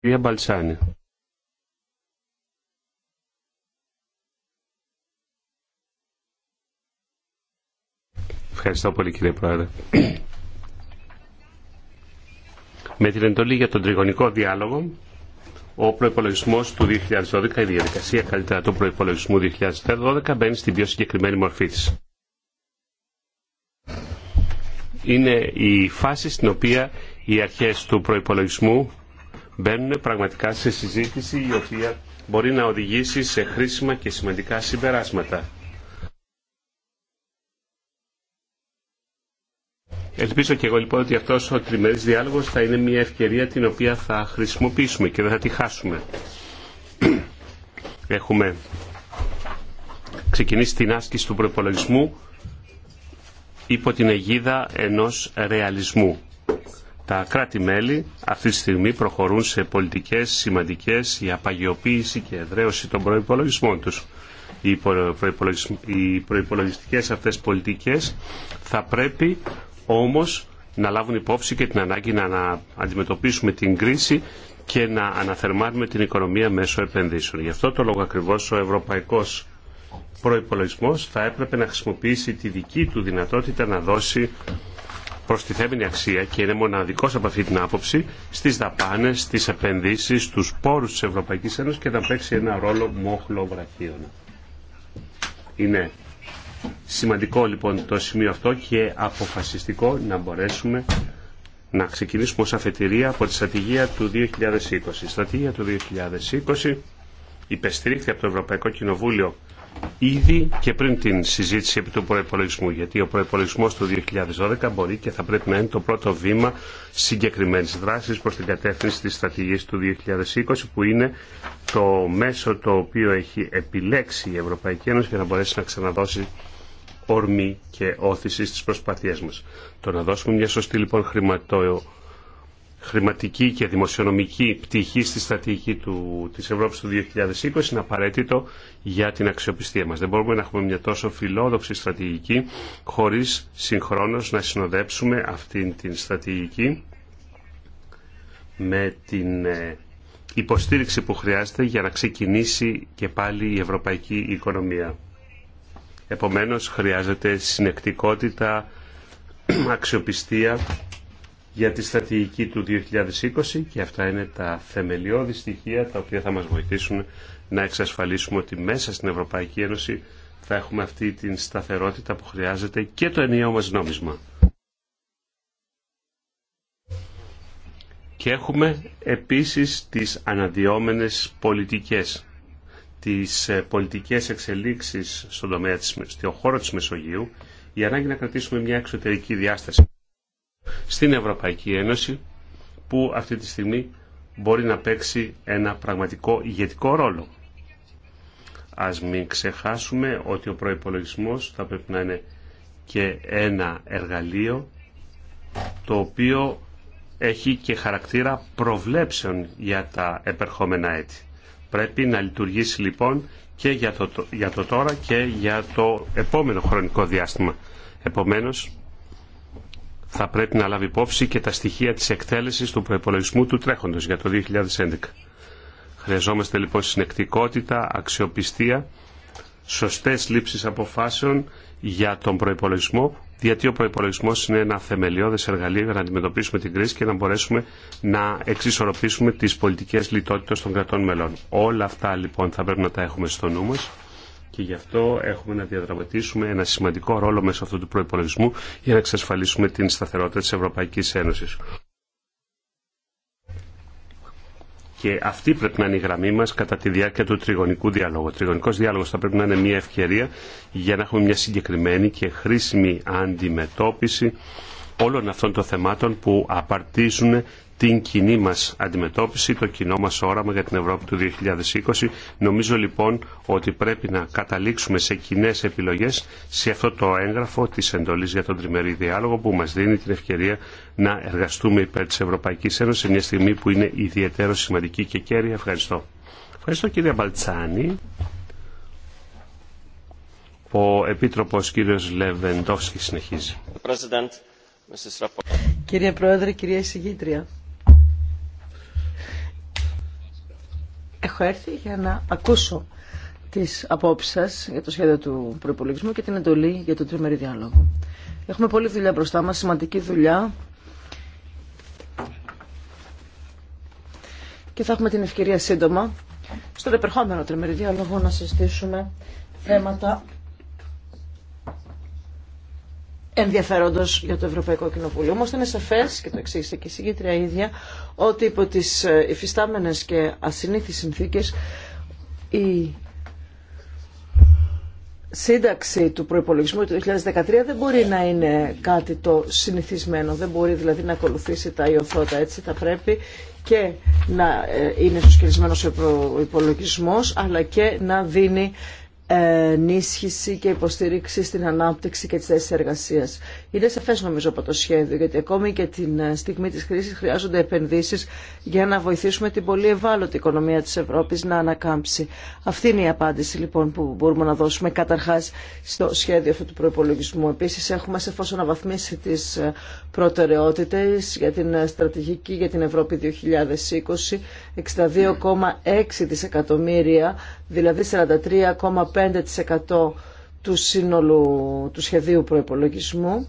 κυρία Ευχαριστώ πολύ κύριε Πρόεδρε. Με την εντολή για τον τριγωνικό διάλογο, ο προπολογισμό του 2012, η διαδικασία καλύτερα του προπολογισμού 2012 μπαίνει στην πιο συγκεκριμένη μορφή τη. Είναι η φάση στην οποία οι αρχές του προϋπολογισμού μπαίνουν πραγματικά σε συζήτηση η οποία μπορεί να οδηγήσει σε χρήσιμα και σημαντικά συμπεράσματα. Ελπίζω και εγώ λοιπόν ότι αυτός ο τριμερής διάλογος θα είναι μια ευκαιρία την οποία θα χρησιμοποιήσουμε και δεν θα τη χάσουμε. Έχουμε ξεκινήσει την άσκηση του προπολογισμού υπό την αιγίδα ενός ρεαλισμού. Τα κράτη-μέλη αυτή τη στιγμή προχωρούν σε πολιτικές σημαντικές για παγιοποίηση και εδραίωση των προϋπολογισμών τους. Οι, οι προϋπολογιστικές αυτές πολιτικές θα πρέπει όμως να λάβουν υπόψη και την ανάγκη να αντιμετωπίσουμε την κρίση και να αναθερμάνουμε την οικονομία μέσω επενδύσεων. Γι' αυτό το λόγο ο Ευρωπαϊκός Προϋπολογισμός θα έπρεπε να χρησιμοποιήσει τη δική του δυνατότητα να δώσει προστιθέμενη αξία και είναι μοναδικό από αυτή την άποψη στι δαπάνε, στι επενδύσει, στου πόρου τη Ευρωπαϊκή Ένωση και να παίξει ένα ρόλο μόχλο βραχίωνα. Είναι σημαντικό λοιπόν το σημείο αυτό και αποφασιστικό να μπορέσουμε να ξεκινήσουμε ως αφετηρία από τη στρατηγία του 2020. Η στρατηγία του 2020 υπεστηρίχθη από το Ευρωπαϊκό Κοινοβούλιο ήδη και πριν την συζήτηση επί του προπολογισμού. Γιατί ο προπολογισμό του 2012 μπορεί και θα πρέπει να είναι το πρώτο βήμα συγκεκριμένη δράση προ την κατεύθυνση τη στρατηγική του 2020, που είναι το μέσο το οποίο έχει επιλέξει η Ευρωπαϊκή Ένωση για να μπορέσει να ξαναδώσει ορμή και όθηση στις προσπάθειές μας. Το να δώσουμε μια σωστή λοιπόν χρηματοδότηση χρηματική και δημοσιονομική πτυχή στη στρατηγική του, της Ευρώπης του 2020 είναι απαραίτητο για την αξιοπιστία μας. Δεν μπορούμε να έχουμε μια τόσο φιλόδοξη στρατηγική χωρίς συγχρόνως να συνοδέψουμε αυτήν την στρατηγική με την ε, υποστήριξη που χρειάζεται για να ξεκινήσει και πάλι η ευρωπαϊκή οικονομία. Επομένως χρειάζεται συνεκτικότητα, αξιοπιστία για τη στρατηγική του 2020 και αυτά είναι τα θεμελιώδη στοιχεία τα οποία θα μας βοηθήσουν να εξασφαλίσουμε ότι μέσα στην Ευρωπαϊκή Ένωση θα έχουμε αυτή την σταθερότητα που χρειάζεται και το ενιαίο μας νόμισμα. Και έχουμε επίσης τις αναδυόμενες πολιτικές, τις ε, πολιτικές εξελίξεις στον τομέα της, χώρο της Μεσογείου, η ανάγκη να κρατήσουμε μια εξωτερική διάσταση στην Ευρωπαϊκή Ένωση που αυτή τη στιγμή μπορεί να παίξει ένα πραγματικό ηγετικό ρόλο. Ας μην ξεχάσουμε ότι ο προϋπολογισμός θα πρέπει να είναι και ένα εργαλείο το οποίο έχει και χαρακτήρα προβλέψεων για τα επερχόμενα έτη. Πρέπει να λειτουργήσει λοιπόν και για το, για το τώρα και για το επόμενο χρονικό διάστημα. Επομένως, θα πρέπει να λάβει υπόψη και τα στοιχεία της εκτέλεσης του προπολογισμού του τρέχοντος για το 2011. Χρειαζόμαστε λοιπόν συνεκτικότητα, αξιοπιστία, σωστές λήψεις αποφάσεων για τον προπολογισμό, γιατί ο προπολογισμό είναι ένα θεμελιώδες εργαλείο για να αντιμετωπίσουμε την κρίση και να μπορέσουμε να εξισορροπήσουμε τις πολιτικές λιτότητες των κρατών μελών. Όλα αυτά λοιπόν θα πρέπει να τα έχουμε στο νου μας και γι' αυτό έχουμε να διαδραματίσουμε ένα σημαντικό ρόλο μέσω αυτού του προπολογισμού για να εξασφαλίσουμε την σταθερότητα της Ευρωπαϊκής Ένωσης. Και αυτή πρέπει να είναι η γραμμή μα κατά τη διάρκεια του τριγωνικού διάλογου. Ο τριγωνικό διάλογο θα πρέπει να είναι μια ευκαιρία για να έχουμε μια συγκεκριμένη και χρήσιμη αντιμετώπιση όλων αυτών των θεμάτων που απαρτίζουν την κοινή μας αντιμετώπιση, το κοινό μας όραμα για την Ευρώπη του 2020. Νομίζω λοιπόν ότι πρέπει να καταλήξουμε σε κοινέ επιλογές σε αυτό το έγγραφο της εντολής για τον τριμερή διάλογο που μας δίνει την ευκαιρία να εργαστούμε υπέρ της Ευρωπαϊκής Ένωσης σε μια στιγμή που είναι ιδιαίτερο σημαντική και κέρια. Ευχαριστώ. Ευχαριστώ κύριε Μπαλτσάνη. Ο Επίτροπος κύριος Λεβεντόφσκι συνεχίζει. Κύριε Πρόεδρε, κυρία Συγήτρια, Έχω έρθει για να ακούσω τις απόψει σα για το σχέδιο του προπολογισμού και την εντολή για το τριμερή διάλογο. Έχουμε πολλή δουλειά μπροστά μα σημαντική δουλειά. Και θα έχουμε την ευκαιρία σύντομα στον επερχόμενο τριμερή διάλογο να συζητήσουμε θέματα ενδιαφέροντο για το Ευρωπαϊκό Κοινοβούλιο. Όμω είναι σαφέ, και το εξήγησε και η συγκήτρια ίδια, ότι υπό τι ε, υφιστάμενε και ασυνήθει συνθήκε η σύνταξη του προπολογισμού του 2013 δεν μπορεί να είναι κάτι το συνηθισμένο, δεν μπορεί δηλαδή να ακολουθήσει τα ιωθώτα έτσι, θα πρέπει και να ε, είναι σωσκελισμένος ο προϋπολογισμός αλλά και να δίνει ενίσχυση και υποστήριξη στην ανάπτυξη και τις θέσεις εργασίας. Είναι σαφέ νομίζω από το σχέδιο, γιατί ακόμη και την ε, στιγμή της κρίσης χρειάζονται επενδύσεις για να βοηθήσουμε την πολύ ευάλωτη οικονομία της Ευρώπης να ανακάμψει. Αυτή είναι η απάντηση λοιπόν που μπορούμε να δώσουμε καταρχάς στο σχέδιο αυτού του προπολογισμού. Επίσης έχουμε σε φως αναβαθμίσει τις ε, προτεραιότητες για την ε, στρατηγική για την Ευρώπη 2020 62,6 δισεκατομμύρια, δηλαδή 43,5% του σύνολου του σχεδίου προϋπολογισμού.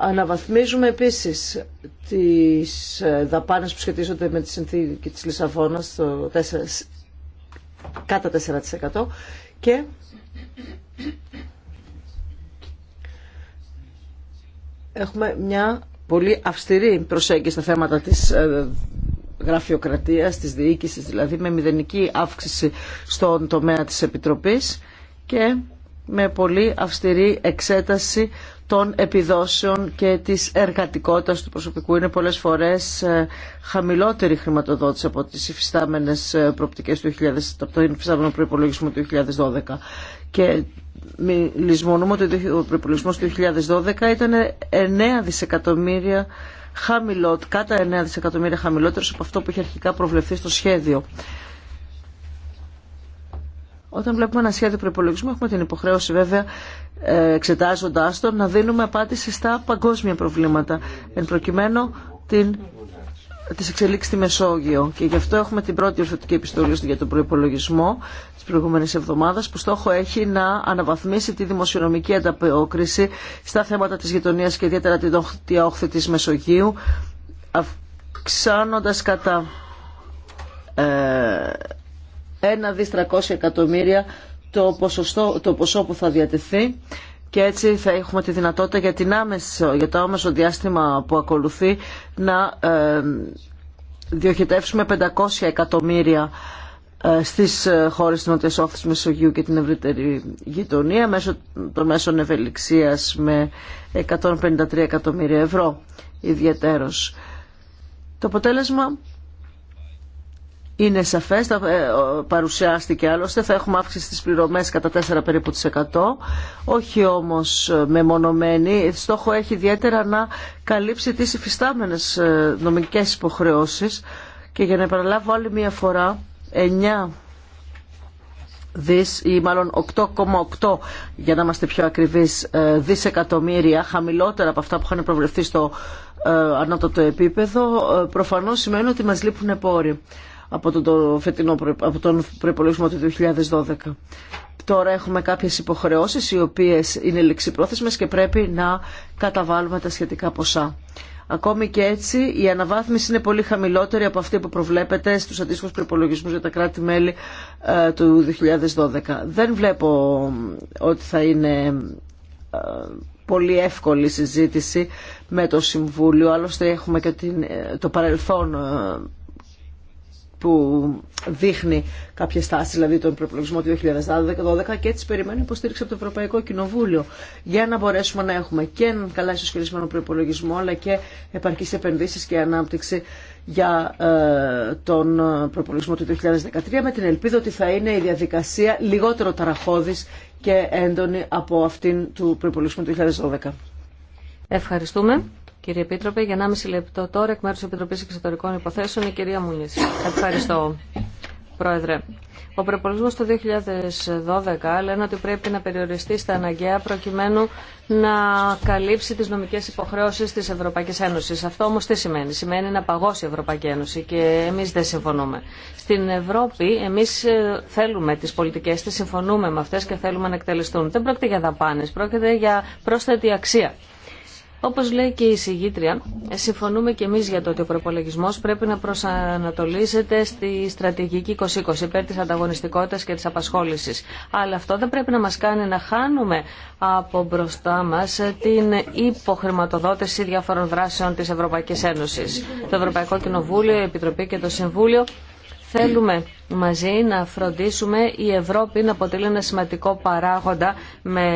Αναβαθμίζουμε επίσης τις ε, δαπάνες που σχετίζονται με τη συνθήκη της Λισαβόνας το 4, κατά 4% και έχουμε μια πολύ αυστηρή προσέγγιση στα θέματα της ε, γραφειοκρατίας, της διοίκησης, δηλαδή με μηδενική αύξηση στον τομέα της Επιτροπής και με πολύ αυστηρή εξέταση των επιδόσεων και της εργατικότητας του προσωπικού. Είναι πολλές φορές ε, χαμηλότερη χρηματοδότηση από τις υφιστάμενες ε, προοπτικές του 2000, από το υφιστάμενο προϋπολογισμό του 2012. Και λησμονούμε ότι ο προϋπολογισμός του 2012 ήταν 9 δισεκατομμύρια χαμηλό, κατά 9 δισεκατομμύρια χαμηλότερος από αυτό που είχε αρχικά προβλεφθεί στο σχέδιο. Όταν βλέπουμε ένα σχέδιο προπολογισμού, έχουμε την υποχρέωση βέβαια, ε, εξετάζοντά τον, να δίνουμε απάντηση στα παγκόσμια προβλήματα. Εν προκειμένου την τι εξελίξει στη Μεσόγειο. Και γι' αυτό έχουμε την πρώτη ορθωτική επιστολή για τον προπολογισμό τη προηγούμενη εβδομάδα, που στόχο έχει να αναβαθμίσει τη δημοσιονομική ανταπόκριση στα θέματα τη γειτονία και ιδιαίτερα την όχθη τη Μεσογείου, αυξάνοντα κατά 1 δι 300 εκατομμύρια το, ποσοστό, το ποσό που θα διατεθεί και έτσι θα έχουμε τη δυνατότητα για, την άμεσο, για το άμεσο διάστημα που ακολουθεί να ε, διοχετεύσουμε 500 εκατομμύρια ε, στις ε, χώρες της Όφης Μεσογείου και την ευρύτερη γειτονία μέσω των μέσων ευελιξίας με 153 εκατομμύρια ευρώ ιδιαίτερος. Το αποτέλεσμα είναι σαφές, ε, παρουσιάστηκε άλλωστε, θα έχουμε αύξηση στις πληρωμές κατά 4 περίπου της 100, όχι όμως ε, μεμονωμένη. Στόχο έχει ιδιαίτερα να καλύψει τις υφιστάμενες ε, νομικές υποχρεώσεις και για να επαναλάβω άλλη μία φορά, 9 δις ή μάλλον 8,8 για να είμαστε πιο ακριβείς δισεκατομμύρια, χαμηλότερα από αυτά που είχαν προβλεφθεί στο ανώτατο επίπεδο, προφανώς σημαίνει ότι μας λείπουν πόροι από τον, το φετινό, από τον προπολογισμό του 2012. Τώρα έχουμε κάποιες υποχρεώσεις οι οποίες είναι λεξιπρόθεσμες και πρέπει να καταβάλουμε τα σχετικά ποσά. Ακόμη και έτσι η αναβάθμιση είναι πολύ χαμηλότερη από αυτή που προβλέπεται στους αντίστοιχους προπολογισμού για τα κράτη-μέλη ε, του 2012. Δεν βλέπω ότι θα είναι ε, πολύ εύκολη συζήτηση με το Συμβούλιο. Άλλωστε έχουμε και ε, το παρελθόν που δείχνει κάποια στάση, δηλαδή τον προπολογισμό του 2012 και έτσι περιμένει υποστήριξη από το Ευρωπαϊκό Κοινοβούλιο για να μπορέσουμε να έχουμε και έναν καλά ισοσχελισμένο προπολογισμό αλλά και επαρκή επενδύσει και ανάπτυξη για ε, τον ε, προπολογισμό του 2013 με την ελπίδα ότι θα είναι η διαδικασία λιγότερο ταραχώδης και έντονη από αυτήν του προπολογισμού του 2012. Ευχαριστούμε. Κύριε Επίτροπε, για 1,5 λεπτό τώρα εκ μέρου τη Επιτροπή Εξωτερικών Υποθέσεων, η κυρία Μουνή. Ευχαριστώ, Πρόεδρε. Ο προπολογισμό του 2012 λένε ότι πρέπει να περιοριστεί στα αναγκαία προκειμένου να καλύψει τι νομικέ υποχρεώσει τη Ευρωπαϊκή Ένωση. Αυτό όμω τι σημαίνει. Σημαίνει να παγώσει η Ευρωπαϊκή Ένωση και εμεί δεν συμφωνούμε. Στην Ευρώπη εμεί ε, θέλουμε τι πολιτικέ τη, συμφωνούμε με αυτέ και θέλουμε να εκτελεστούν. Δεν πρόκειται για δαπάνε, πρόκειται για πρόσθετη αξία. Όπω λέει και η συγγήτρια, ε, συμφωνούμε και εμείς για το ότι ο προπολογισμό πρέπει να προσανατολίζεται στη στρατηγική 2020 υπέρ τη ανταγωνιστικότητας και τη απασχόλησης. Αλλά αυτό δεν πρέπει να μας κάνει να χάνουμε από μπροστά μας ε, την υποχρηματοδότηση διάφορων δράσεων της Ευρωπαϊκής Ένωσης. Το Ευρωπαϊκό Κοινοβούλιο, η Επιτροπή και το Συμβούλιο Θέλουμε μαζί να φροντίσουμε η Ευρώπη να αποτελεί ένα σημαντικό παράγοντα με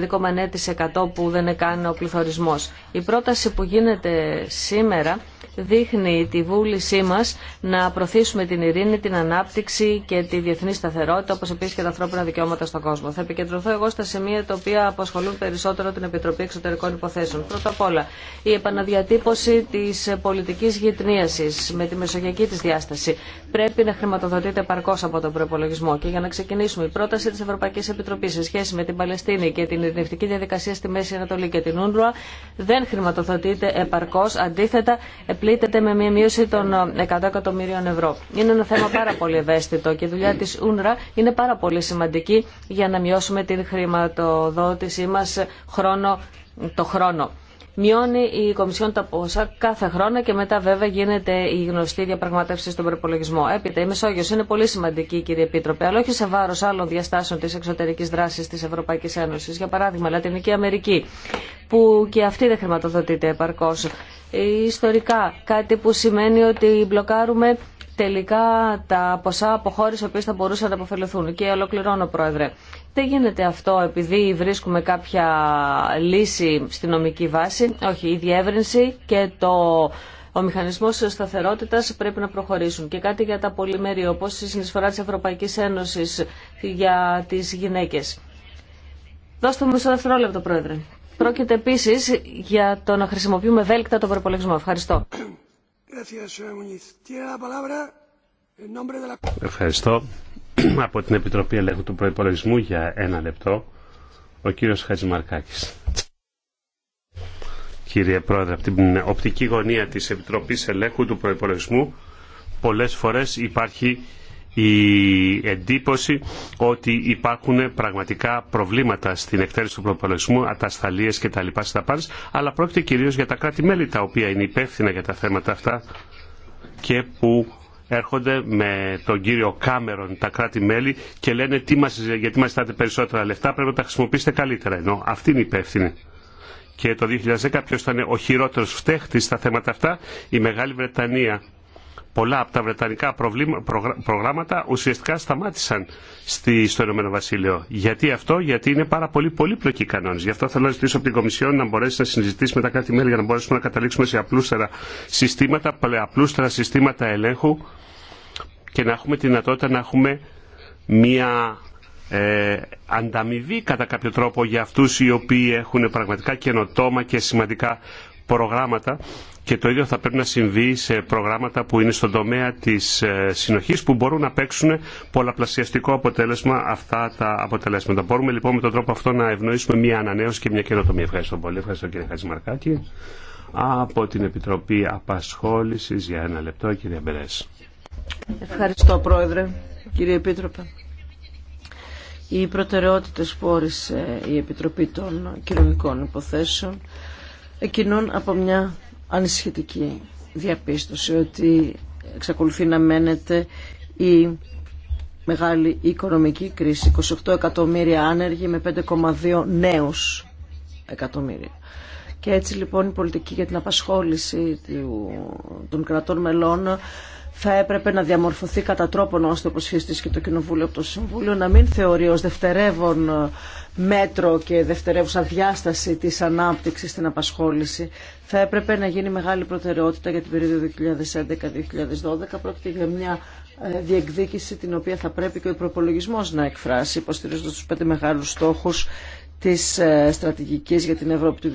το 2,9% ναι που δεν έκανε ο πληθωρισμός. Η πρόταση που γίνεται σήμερα δείχνει τη βούλησή μας να προωθήσουμε την ειρήνη, την ανάπτυξη και τη διεθνή σταθερότητα, όπως επίσης και τα ανθρώπινα δικαιώματα στον κόσμο. Θα επικεντρωθώ εγώ στα σημεία τα οποία απασχολούν περισσότερο την Επιτροπή Εξωτερικών Υποθέσεων. Πρώτα απ' όλα, η επαναδιατύπωση της πολιτικής γυτνίασης με τη μεσογειακή της διάσταση πρέπει να χρηματοδοτείται επαρκώς από τον προπολογισμό. Και για να ξεκινήσουμε, η πρόταση της Ευρωπαϊκής Επιτροπής σε σχέση με την Παλαιστίνη και την ειρηνευτική διαδικασία στη Μέση Ανατολή και την δεν χρηματοδοτείται επαρκώς, αντίθετα πλήττεται με μια μείωση των 100 ε, εκατομμύριων ευρώ. Είναι ένα θέμα πάρα πολύ ευαίσθητο και η δουλειά της UNRWA είναι πάρα πολύ σημαντική για να μειώσουμε την χρηματοδότησή μας χρόνο το χρόνο. Μειώνει η Κομισιόν τα ποσά κάθε χρόνο και μετά βέβαια γίνεται η γνωστή διαπραγματεύση στον προπολογισμό. Έπειτα, η Μεσόγειο είναι πολύ σημαντική, κύριε Επίτροπε, αλλά όχι σε βάρο άλλων διαστάσεων τη εξωτερική δράση τη Ευρωπαϊκή Ένωση. Για παράδειγμα, Λατινική Αμερική, που και αυτή δεν χρηματοδοτείται επαρκώ ιστορικά. Κάτι που σημαίνει ότι μπλοκάρουμε τελικά τα ποσά από χώρε οι θα μπορούσαν να αποφελεθούν. Και ολοκληρώνω, Πρόεδρε. Δεν γίνεται αυτό επειδή βρίσκουμε κάποια λύση στη νομική βάση. Όχι, η διεύρυνση και το ο μηχανισμό σταθερότητα πρέπει να προχωρήσουν. Και κάτι για τα πολυμέρη, όπω η συνεισφορά τη Ευρωπαϊκή Ένωση για τι γυναίκε. Δώστε μου μισό δευτερόλεπτο, Πρόεδρε. Πρόκειται επίση για το να χρησιμοποιούμε βέλκτα τον προπολογισμό. Ευχαριστώ. Ευχαριστώ. Από την Επιτροπή Ελέγχου του Προπολογισμού για ένα λεπτό, ο κύριος Χατζημαρκάκης. Κύριε Πρόεδρε, από την οπτική γωνία της Επιτροπής Ελέγχου του προπολογισμού, πολλές φορές υπάρχει η εντύπωση ότι υπάρχουν πραγματικά προβλήματα στην εκτέλεση του προπολογισμού, ατασταλίε κτλ. πάντα, αλλά πρόκειται κυρίω για τα κράτη-μέλη τα οποία είναι υπεύθυνα για τα θέματα αυτά και που έρχονται με τον κύριο Κάμερον τα κράτη-μέλη και λένε τι μας, γιατί μας ζητάτε περισσότερα λεφτά, πρέπει να τα χρησιμοποιήσετε καλύτερα. Ενώ αυτή είναι υπεύθυνη. Και το 2010 ποιος ήταν ο χειρότερος φταίχτης στα θέματα αυτά, η Μεγάλη Βρετανία πολλά από τα βρετανικά προγράμματα ουσιαστικά σταμάτησαν στη, στο Ηνωμένο Βασίλειο. Γιατί αυτό, γιατί είναι πάρα πολύ πολύπλοκοι οι κανόνε. Γι' αυτό θέλω να ζητήσω από την Κομισιόν να μπορέσει να συζητήσει με τα κράτη μέλη για να μπορέσουμε να καταλήξουμε σε απλούστερα συστήματα, απλούστερα συστήματα ελέγχου και να έχουμε τη δυνατότητα να έχουμε μια ε, ανταμοιβή κατά κάποιο τρόπο για αυτούς οι οποίοι έχουν πραγματικά καινοτόμα και σημαντικά προγράμματα και το ίδιο θα πρέπει να συμβεί σε προγράμματα που είναι στον τομέα της ε, συνοχής που μπορούν να παίξουν πολλαπλασιαστικό αποτέλεσμα αυτά τα αποτελέσματα. Μπορούμε λοιπόν με τον τρόπο αυτό να ευνοήσουμε μια ανανέωση και μια καινοτομία. Ευχαριστώ πολύ. Ευχαριστώ κύριε Χατζημαρκάκη. Από την Επιτροπή Απασχόλησης για ένα λεπτό κύριε Μπερές. Ευχαριστώ Πρόεδρε, κύριε Επίτροπε. Οι προτεραιότητες που όρισε η Επιτροπή των Κοινωνικών Υποθέσεων εκείνων από μια ανησυχητική διαπίστωση ότι εξακολουθεί να μένεται η μεγάλη οικονομική κρίση. 28 εκατομμύρια άνεργοι με 5,2 νέους εκατομμύρια. Και έτσι λοιπόν η πολιτική για την απασχόληση των κρατών μελών θα έπρεπε να διαμορφωθεί κατά τρόπον ώστε όπως και το Κοινοβούλιο από το Συμβούλιο να μην θεωρεί ως δευτερεύον μέτρο και δευτερεύουσα διάσταση της ανάπτυξης στην απασχόληση θα έπρεπε να γίνει μεγάλη προτεραιότητα για την περίοδο 2011-2012. Πρόκειται για μια ε, διεκδίκηση την οποία θα πρέπει και ο προπολογισμό να εκφράσει υποστηρίζοντας τους πέντε μεγάλους στόχους της ε, στρατηγικής για την Ευρώπη του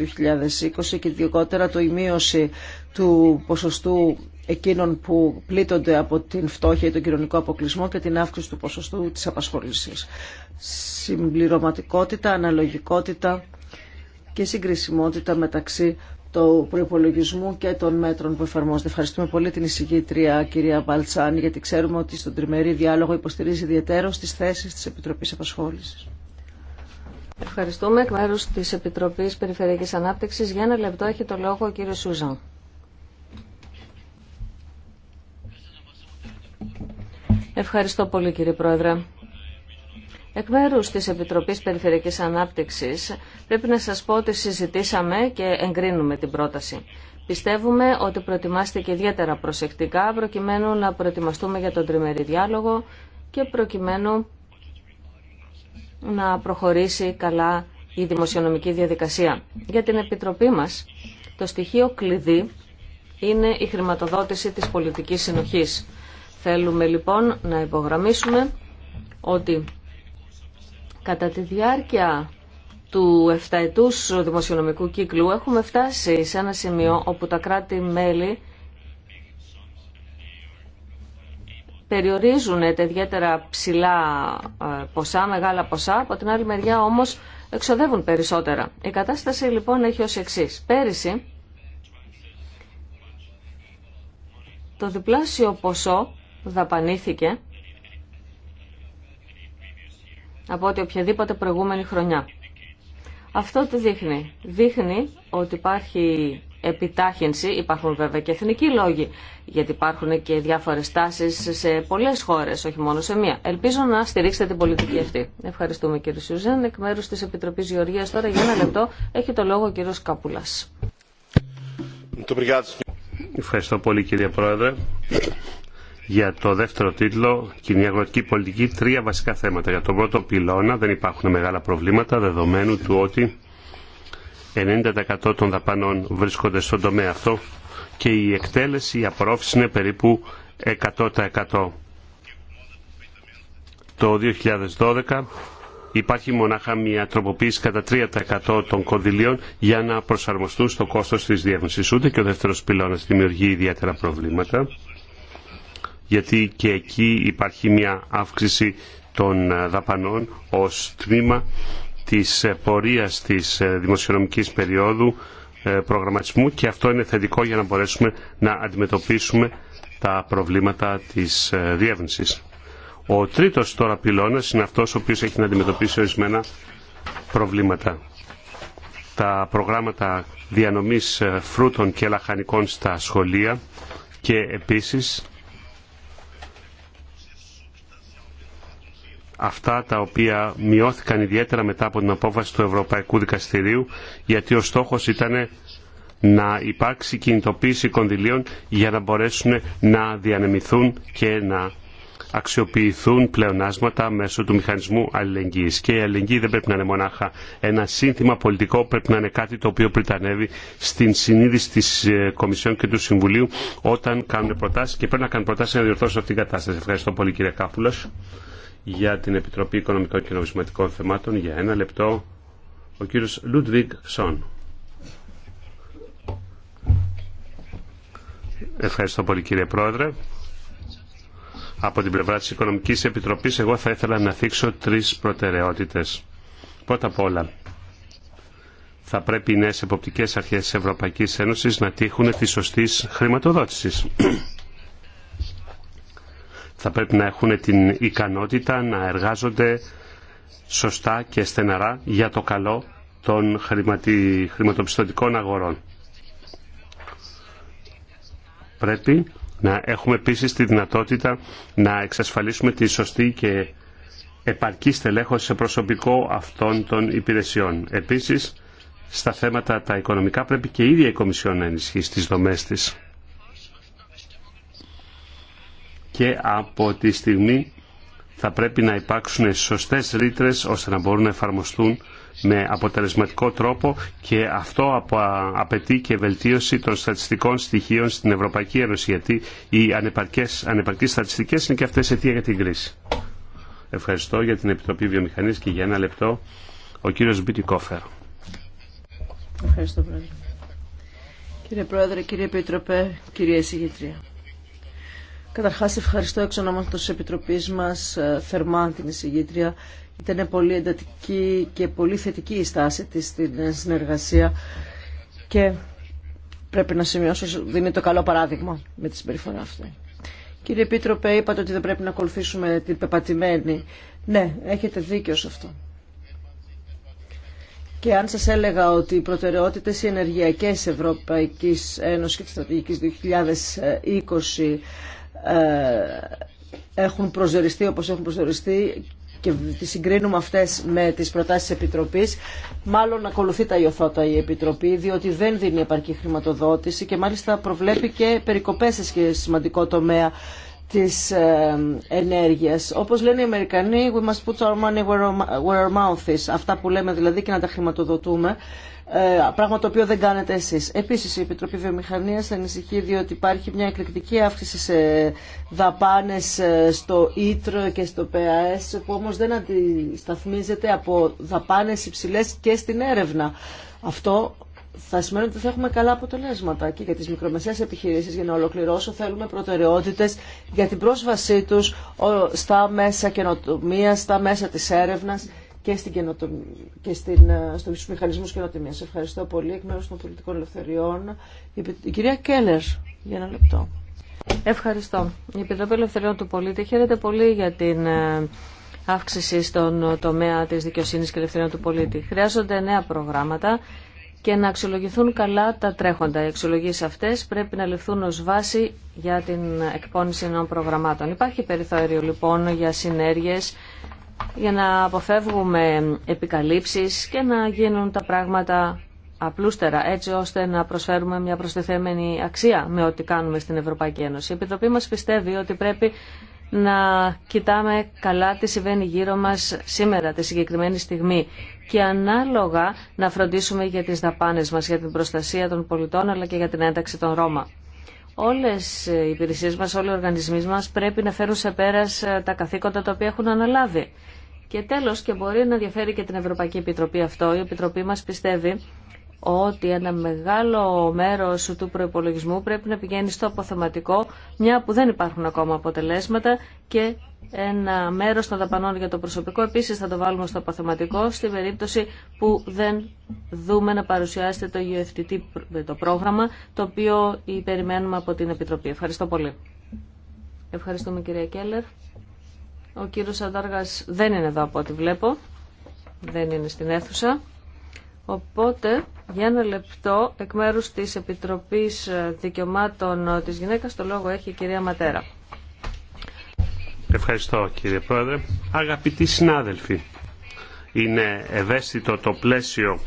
2020 και ειδικότερα το ημείωση του ποσοστού εκείνων που πλήττονται από την φτώχεια ή τον κοινωνικό αποκλεισμό και την αύξηση του ποσοστού της απασχόλησης συμπληρωματικότητα, αναλογικότητα και συγκρισιμότητα μεταξύ του προπολογισμού και των μέτρων που εφαρμόζονται. Ευχαριστούμε πολύ την εισηγήτρια κυρία Μπαλτσάνη, γιατί ξέρουμε ότι στον τριμερή διάλογο υποστηρίζει ιδιαίτερο τι θέσει τη Επιτροπή Απασχόληση. Ευχαριστούμε. Εκ μέρου τη Επιτροπή Περιφερειακή Ανάπτυξη, για ένα λεπτό έχει το λόγο ο κύριο Σούζαν. Ευχαριστώ πολύ κύριε Πρόεδρε. Εκ μέρους της Επιτροπής Περιφερειακής Ανάπτυξης πρέπει να σας πω ότι συζητήσαμε και εγκρίνουμε την πρόταση. Πιστεύουμε ότι προετοιμάστηκε ιδιαίτερα προσεκτικά προκειμένου να προετοιμαστούμε για τον τριμερή διάλογο και προκειμένου να προχωρήσει καλά η δημοσιονομική διαδικασία. Για την Επιτροπή μας το στοιχείο κλειδί είναι η χρηματοδότηση της πολιτική συνοχής. Θέλουμε λοιπόν να υπογραμμίσουμε ότι Κατά τη διάρκεια του 7 δημοσιονομικού κύκλου έχουμε φτάσει σε ένα σημείο όπου τα κράτη-μέλη περιορίζουν τα ιδιαίτερα ψηλά ε, ποσά, μεγάλα ποσά, από την άλλη μεριά όμως εξοδεύουν περισσότερα. Η κατάσταση λοιπόν έχει ως εξή. Πέρυσι το διπλάσιο ποσό δαπανήθηκε από ό,τι οποιαδήποτε προηγούμενη χρονιά. Αυτό τι δείχνει. Δείχνει ότι υπάρχει επιτάχυνση, υπάρχουν βέβαια και εθνικοί λόγοι, γιατί υπάρχουν και διάφορες τάσεις σε πολλές χώρες, όχι μόνο σε μία. Ελπίζω να στηρίξετε την πολιτική αυτή. Ευχαριστούμε κύριε Σιουζέν. Εκ μέρους της Επιτροπής Γεωργίας τώρα για ένα λεπτό έχει το λόγο ο κύριος Κάπουλας. Ευχαριστώ πολύ κύριε Πρόεδρε για το δεύτερο τίτλο, κοινή αγροτική πολιτική, τρία βασικά θέματα. Για τον πρώτο πυλώνα δεν υπάρχουν μεγάλα προβλήματα, δεδομένου του ότι 90% των δαπανών βρίσκονται στον τομέα αυτό και η εκτέλεση, η απορρόφηση είναι περίπου 100%. Το 2012 υπάρχει μονάχα μια τροποποίηση κατά 3% των κονδυλίων για να προσαρμοστούν στο κόστος της διεύνησης. Ούτε και ο δεύτερος πυλώνας δημιουργεί ιδιαίτερα προβλήματα γιατί και εκεί υπάρχει μια αύξηση των ε, δαπανών ως τμήμα της ε, πορείας της ε, δημοσιονομικής περίοδου προγραμματισμού και αυτό είναι θετικό για να μπορέσουμε να αντιμετωπίσουμε τα προβλήματα της διεύρυνσης. Ο τρίτος τώρα πυλώνας είναι αυτός ο οποίος έχει να αντιμετωπίσει ορισμένα προβλήματα. Τα προγράμματα διανομής φρούτων και λαχανικών στα σχολεία και επίσης αυτά τα οποία μειώθηκαν ιδιαίτερα μετά από την απόφαση του Ευρωπαϊκού Δικαστηρίου γιατί ο στόχος ήταν να υπάρξει κινητοποίηση κονδυλίων για να μπορέσουν να διανεμηθούν και να αξιοποιηθούν πλεονάσματα μέσω του μηχανισμού αλληλεγγύης. Και η αλληλεγγύη δεν πρέπει να είναι μονάχα ένα σύνθημα πολιτικό, πρέπει να είναι κάτι το οποίο πριτανεύει στην συνείδηση της ε, Κομισιόν και του Συμβουλίου όταν κάνουν προτάσεις και πρέπει να κάνουν προτάσεις να διορθώσουν αυτή την κατάσταση. Ευχαριστώ πολύ κύριε Κάπουλος για την Επιτροπή Οικονομικών και Νομισματικών Θεμάτων για ένα λεπτό ο κύριος Λούντβιγκ Σον. Ευχαριστώ πολύ κύριε Πρόεδρε. Από την πλευρά της Οικονομικής Επιτροπής εγώ θα ήθελα να θίξω τρεις προτεραιότητες. Πρώτα απ' όλα, θα πρέπει οι νέες εποπτικές αρχές της Ευρωπαϊκής Ένωσης να τύχουν τη σωστή χρηματοδότηση θα πρέπει να έχουν την ικανότητα να εργάζονται σωστά και στεναρά για το καλό των χρηματοπιστωτικών αγορών. Πρέπει να έχουμε επίσης τη δυνατότητα να εξασφαλίσουμε τη σωστή και επαρκή στελέχωση σε προσωπικό αυτών των υπηρεσιών. Επίσης, στα θέματα τα οικονομικά πρέπει και η ίδια η Κομισιόν να ενισχύσει τις δομές της και από τη στιγμή θα πρέπει να υπάρξουν σωστές ρήτρε ώστε να μπορούν να εφαρμοστούν με αποτελεσματικό τρόπο και αυτό απαιτεί και βελτίωση των στατιστικών στοιχείων στην Ευρωπαϊκή Ένωση γιατί οι ανεπαρκείς στατιστικές είναι και αυτές αιτία για την κρίση. Ευχαριστώ για την Επιτροπή Βιομηχανίας και για ένα λεπτό ο κύριος Κόφερ. Ευχαριστώ πρόεδρε. Κύριε Πρόεδρε, κύριε Επίτροπε, κυρία Συγγετρία. Καταρχά ευχαριστώ εξ ονόματο τη Επιτροπής μα ε, θερμά την εισηγήτρια. Ήταν πολύ εντατική και πολύ θετική η στάση τη στην ε, συνεργασία και πρέπει να σημειώσω δίνει το καλό παράδειγμα με τη συμπεριφορά αυτή. Κύριε Επίτροπε, είπατε ότι δεν πρέπει να ακολουθήσουμε την πεπατημένη. Ναι, έχετε δίκιο σε αυτό. Και αν σας έλεγα ότι οι προτεραιότητες οι ενεργειακές Ευρωπαϊκής Ένωσης και τη Στρατηγικής 2020 ε, έχουν προσδιοριστεί όπως έχουν προσδιοριστεί και τις συγκρίνουμε αυτές με τις προτάσεις της Επιτροπής, μάλλον ακολουθεί τα ιωθώτα η Επιτροπή, διότι δεν δίνει επαρκή χρηματοδότηση και μάλιστα προβλέπει και περικοπές σε σημαντικό τομέα της ε, ενέργειας. Όπως λένε οι Αμερικανοί, we must put our money where our mouth is. Αυτά που λέμε δηλαδή και να τα χρηματοδοτούμε. Ε, πράγμα το οποίο δεν κάνετε εσείς. Επίσης η Επιτροπή Βιομηχανίας ανησυχεί διότι υπάρχει μια εκρηκτική αύξηση σε δαπάνες ε, στο ΙΤΡ και στο ΠΑΕΣ που όμως δεν αντισταθμίζεται από δαπάνες υψηλές και στην έρευνα. Αυτό θα σημαίνει ότι θα έχουμε καλά αποτελέσματα και για τις μικρομεσαίες επιχειρήσεις για να ολοκληρώσω θέλουμε προτεραιότητες για την πρόσβασή τους στα μέσα καινοτομία, στα μέσα της έρευνας και, στην καινοτομ... και στην... Ε, στους μηχανισμούς καινοτομίας. Ευχαριστώ πολύ εκ μέρους των πολιτικών ελευθεριών. Η κυρία Κέλλερ, για ένα λεπτό. Ευχαριστώ. Η Επιτροπή Ελευθεριών του Πολίτη χαίρεται πολύ για την ε, αύξηση στον τομέα της δικαιοσύνης και ελευθεριών του πολίτη. Χρειάζονται νέα προγράμματα και να αξιολογηθούν καλά τα τρέχοντα. Οι αξιολογίες αυτέ πρέπει να ληφθούν ω βάση για την εκπόνηση νέων προγραμμάτων. Υπάρχει περιθώριο λοιπόν για συνέργειε, για να αποφεύγουμε επικαλύψεις και να γίνουν τα πράγματα απλούστερα, έτσι ώστε να προσφέρουμε μια προστιθέμενη αξία με ό,τι κάνουμε στην Ευρωπαϊκή Ένωση. Η Επιτροπή μας πιστεύει ότι πρέπει να κοιτάμε καλά τι συμβαίνει γύρω μας σήμερα, τη συγκεκριμένη στιγμή και ανάλογα να φροντίσουμε για τις δαπάνες μας, για την προστασία των πολιτών αλλά και για την ένταξη των Ρώμα. Όλες οι υπηρεσίες μας, όλοι οι οργανισμοί μας πρέπει να φέρουν σε πέρας ε, τα καθήκοντα τα οποία έχουν αναλάβει. Και τέλος, και μπορεί να ενδιαφέρει και την Ευρωπαϊκή Επιτροπή αυτό, η Επιτροπή μας πιστεύει ότι ένα μεγάλο μέρος του προϋπολογισμού πρέπει να πηγαίνει στο αποθεματικό, μια που δεν υπάρχουν ακόμα αποτελέσματα και ένα μέρος των δαπανών για το προσωπικό επίσης θα το βάλουμε στο αποθεματικό στην περίπτωση που δεν δούμε να παρουσιάσετε το UFTT το πρόγραμμα το οποίο περιμένουμε από την Επιτροπή. Ευχαριστώ πολύ. Ευχαριστούμε κυρία Κέλλερ. Ο κύριος Αντάργας δεν είναι εδώ από ό,τι βλέπω. Δεν είναι στην αίθουσα. Οπότε, για ένα λεπτό, εκ μέρους της Επιτροπής Δικαιωμάτων της Γυναίκας, το λόγο έχει η κυρία Ματέρα. Ευχαριστώ κύριε Πρόεδρε. Αγαπητοί συνάδελφοι, είναι ευαίσθητο το πλαίσιο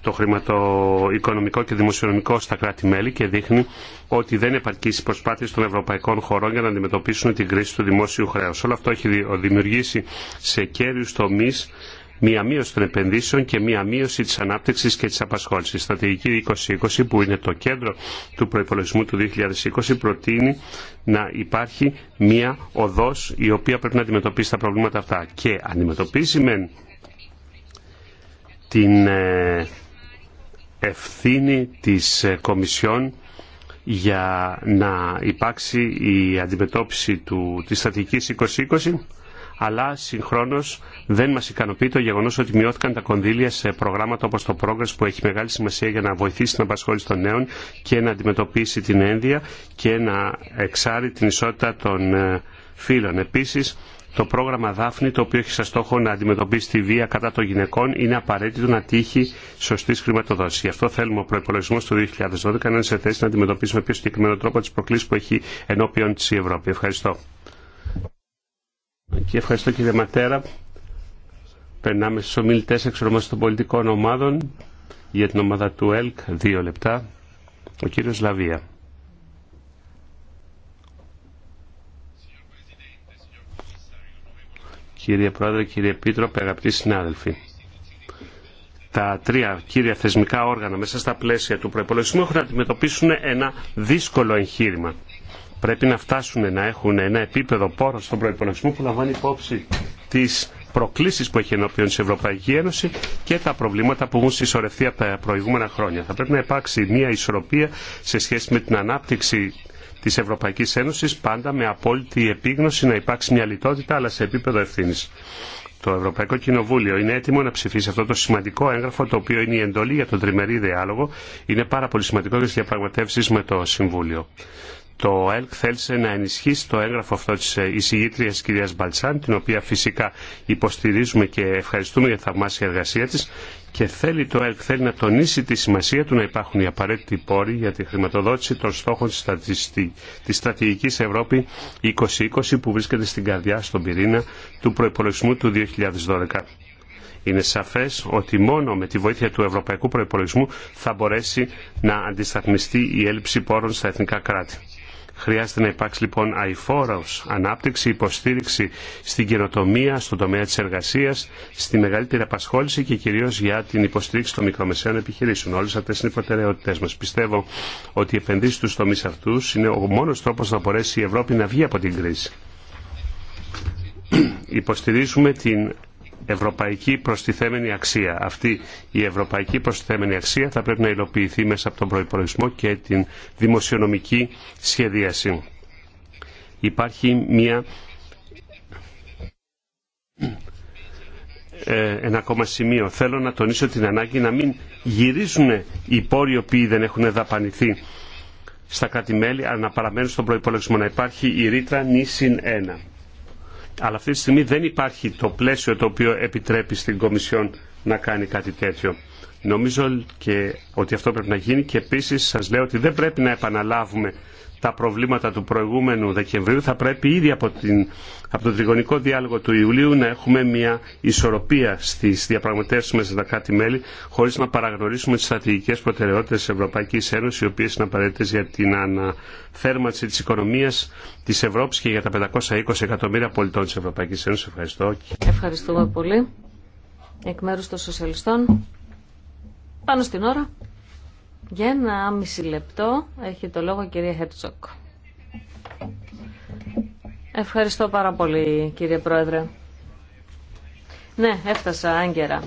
το χρηματοοικονομικό και δημοσιονομικό στα κράτη-μέλη και δείχνει ότι δεν επαρκεί στι προσπάθειε των ευρωπαϊκών χωρών για να αντιμετωπίσουν την κρίση του δημόσιου χρέου. Όλο αυτό έχει δημιουργήσει σε κέριου τομεί μία μείωση των επενδύσεων και μία μείωση της ανάπτυξης και της απασχόλησης. Η στρατηγική 2020 που είναι το κέντρο του προϋπολογισμού του 2020 προτείνει να υπάρχει μία οδός η οποία πρέπει να αντιμετωπίσει τα προβλήματα αυτά και αντιμετωπίζει με την ε, ευθύνη της ε, Κομισιόν για να υπάρξει η αντιμετώπιση του, της στρατηγικής 2020 αλλά συγχρόνω δεν μα ικανοποιεί το γεγονό ότι μειώθηκαν τα κονδύλια σε προγράμματα όπω το Progress που έχει μεγάλη σημασία για να βοηθήσει την απασχόληση των νέων και να αντιμετωπίσει την ένδυα και να εξάρει την ισότητα των ε, φίλων. Επίση, το πρόγραμμα Δάφνη, το οποίο έχει σαν στόχο να αντιμετωπίσει τη βία κατά των γυναικών, είναι απαραίτητο να τύχει σωστή χρηματοδότηση. Γι' αυτό θέλουμε ο προπολογισμό του 2012 να είναι σε θέση να αντιμετωπίσουμε πιο συγκεκριμένο τρόπο τι προκλήσει που έχει ενώπιον τη Ευρώπη. Ευχαριστώ. Και ευχαριστώ κύριε Ματέρα. Περνάμε στους ομιλητές εξορμός των πολιτικών ομάδων για την ομάδα του ΕΛΚ. Δύο λεπτά. Ο κύριος Λαβία. Κύριε Πρόεδρε, κύριε Επίτροπε, αγαπητοί συνάδελφοι. Τα τρία κύρια θεσμικά όργανα μέσα στα πλαίσια του προπολογισμού έχουν να αντιμετωπίσουν ένα δύσκολο εγχείρημα πρέπει να φτάσουν να έχουν ένα επίπεδο πόρο στον προπολογισμό που λαμβάνει υπόψη τι προκλήσει που έχει ενώπιον τη Ευρωπαϊκή Ένωση και τα προβλήματα που έχουν συσσωρευτεί από τα προηγούμενα χρόνια. Θα πρέπει να υπάρξει μια ισορροπία σε σχέση με την ανάπτυξη της Ευρωπαϊκής Ένωσης πάντα με απόλυτη επίγνωση να υπάρξει μια λιτότητα αλλά σε επίπεδο ευθύνη. Το Ευρωπαϊκό Κοινοβούλιο είναι έτοιμο να ψηφίσει αυτό το σημαντικό έγγραφο το οποίο είναι η εντολή για τον τριμερή διάλογο. Είναι πάρα πολύ σημαντικό για τι διαπραγματεύσει με το Συμβούλιο το ΕΛΚ θέλησε να ενισχύσει το έγγραφο αυτό της εισηγήτριας κυρίας Μπαλτσάν, την οποία φυσικά υποστηρίζουμε και ευχαριστούμε για τη θαυμάσια εργασία της και θέλει το ΕΛΚ θέλει να τονίσει τη σημασία του να υπάρχουν οι απαραίτητοι πόροι για τη χρηματοδότηση των στόχων της στρατηγικής Ευρώπη 2020 που βρίσκεται στην καρδιά, στον πυρήνα του προϋπολογισμού του 2012. Είναι σαφές ότι μόνο με τη βοήθεια του ευρωπαϊκού προϋπολογισμού θα μπορέσει να αντισταθμιστεί η έλλειψη πόρων στα εθνικά κράτη. Χρειάζεται να υπάρξει λοιπόν αηφόρος ανάπτυξη, υποστήριξη στην καινοτομία, στον τομέα της εργασίας, στη μεγαλύτερη απασχόληση και κυρίως για την υποστήριξη των μικρομεσαίων επιχειρήσεων. Όλες αυτές είναι οι προτεραιότητε μας. Πιστεύω ότι οι επενδύσεις στους τομείς αυτούς είναι ο μόνος τρόπος να μπορέσει η Ευρώπη να βγει από την κρίση. Υποστηρίζουμε την ευρωπαϊκή προστιθέμενη αξία. Αυτή η ευρωπαϊκή προστιθέμενη αξία θα πρέπει να υλοποιηθεί μέσα από τον προϋπολογισμό και την δημοσιονομική σχεδίαση. Υπάρχει μια... Ε, ένα ακόμα σημείο. Θέλω να τονίσω την ανάγκη να μην γυρίζουν οι πόροι οι οποίοι δεν έχουν δαπανηθεί στα κράτη-μέλη, αλλά να παραμένουν στον προϋπολογισμό. Να υπάρχει η ρήτρα νήσιν αλλά αυτή τη στιγμή δεν υπάρχει το πλαίσιο το οποίο επιτρέπει στην Κομισιόν να κάνει κάτι τέτοιο. Νομίζω και ότι αυτό πρέπει να γίνει και επίσης σας λέω ότι δεν πρέπει να επαναλάβουμε τα προβλήματα του προηγούμενου Δεκεμβρίου θα πρέπει ήδη από, την, από τον τριγωνικό διάλογο του Ιουλίου να έχουμε μια ισορροπία στις διαπραγματεύσεις μέσα στα κάτι μέλη χωρί να παραγνωρίσουμε τι στρατηγικές προτεραιότητε τη Ευρωπαϊκή Ένωση, οι οποίε είναι απαραίτητε για την αναθέρμανση τη οικονομία τη Ευρώπη και για τα 520 εκατομμύρια πολιτών τη Ευρωπαϊκή Ένωση. Ευχαριστώ. Ευχαριστούμε πολύ. Εκ μέρου των Σοσιαλιστών. Πάνω στην ώρα. Για ένα μισή λεπτό έχει το λόγο η κυρία Χέρτσοκ. Ευχαριστώ πάρα πολύ κύριε Πρόεδρε. Ναι, έφτασα άγκαιρα.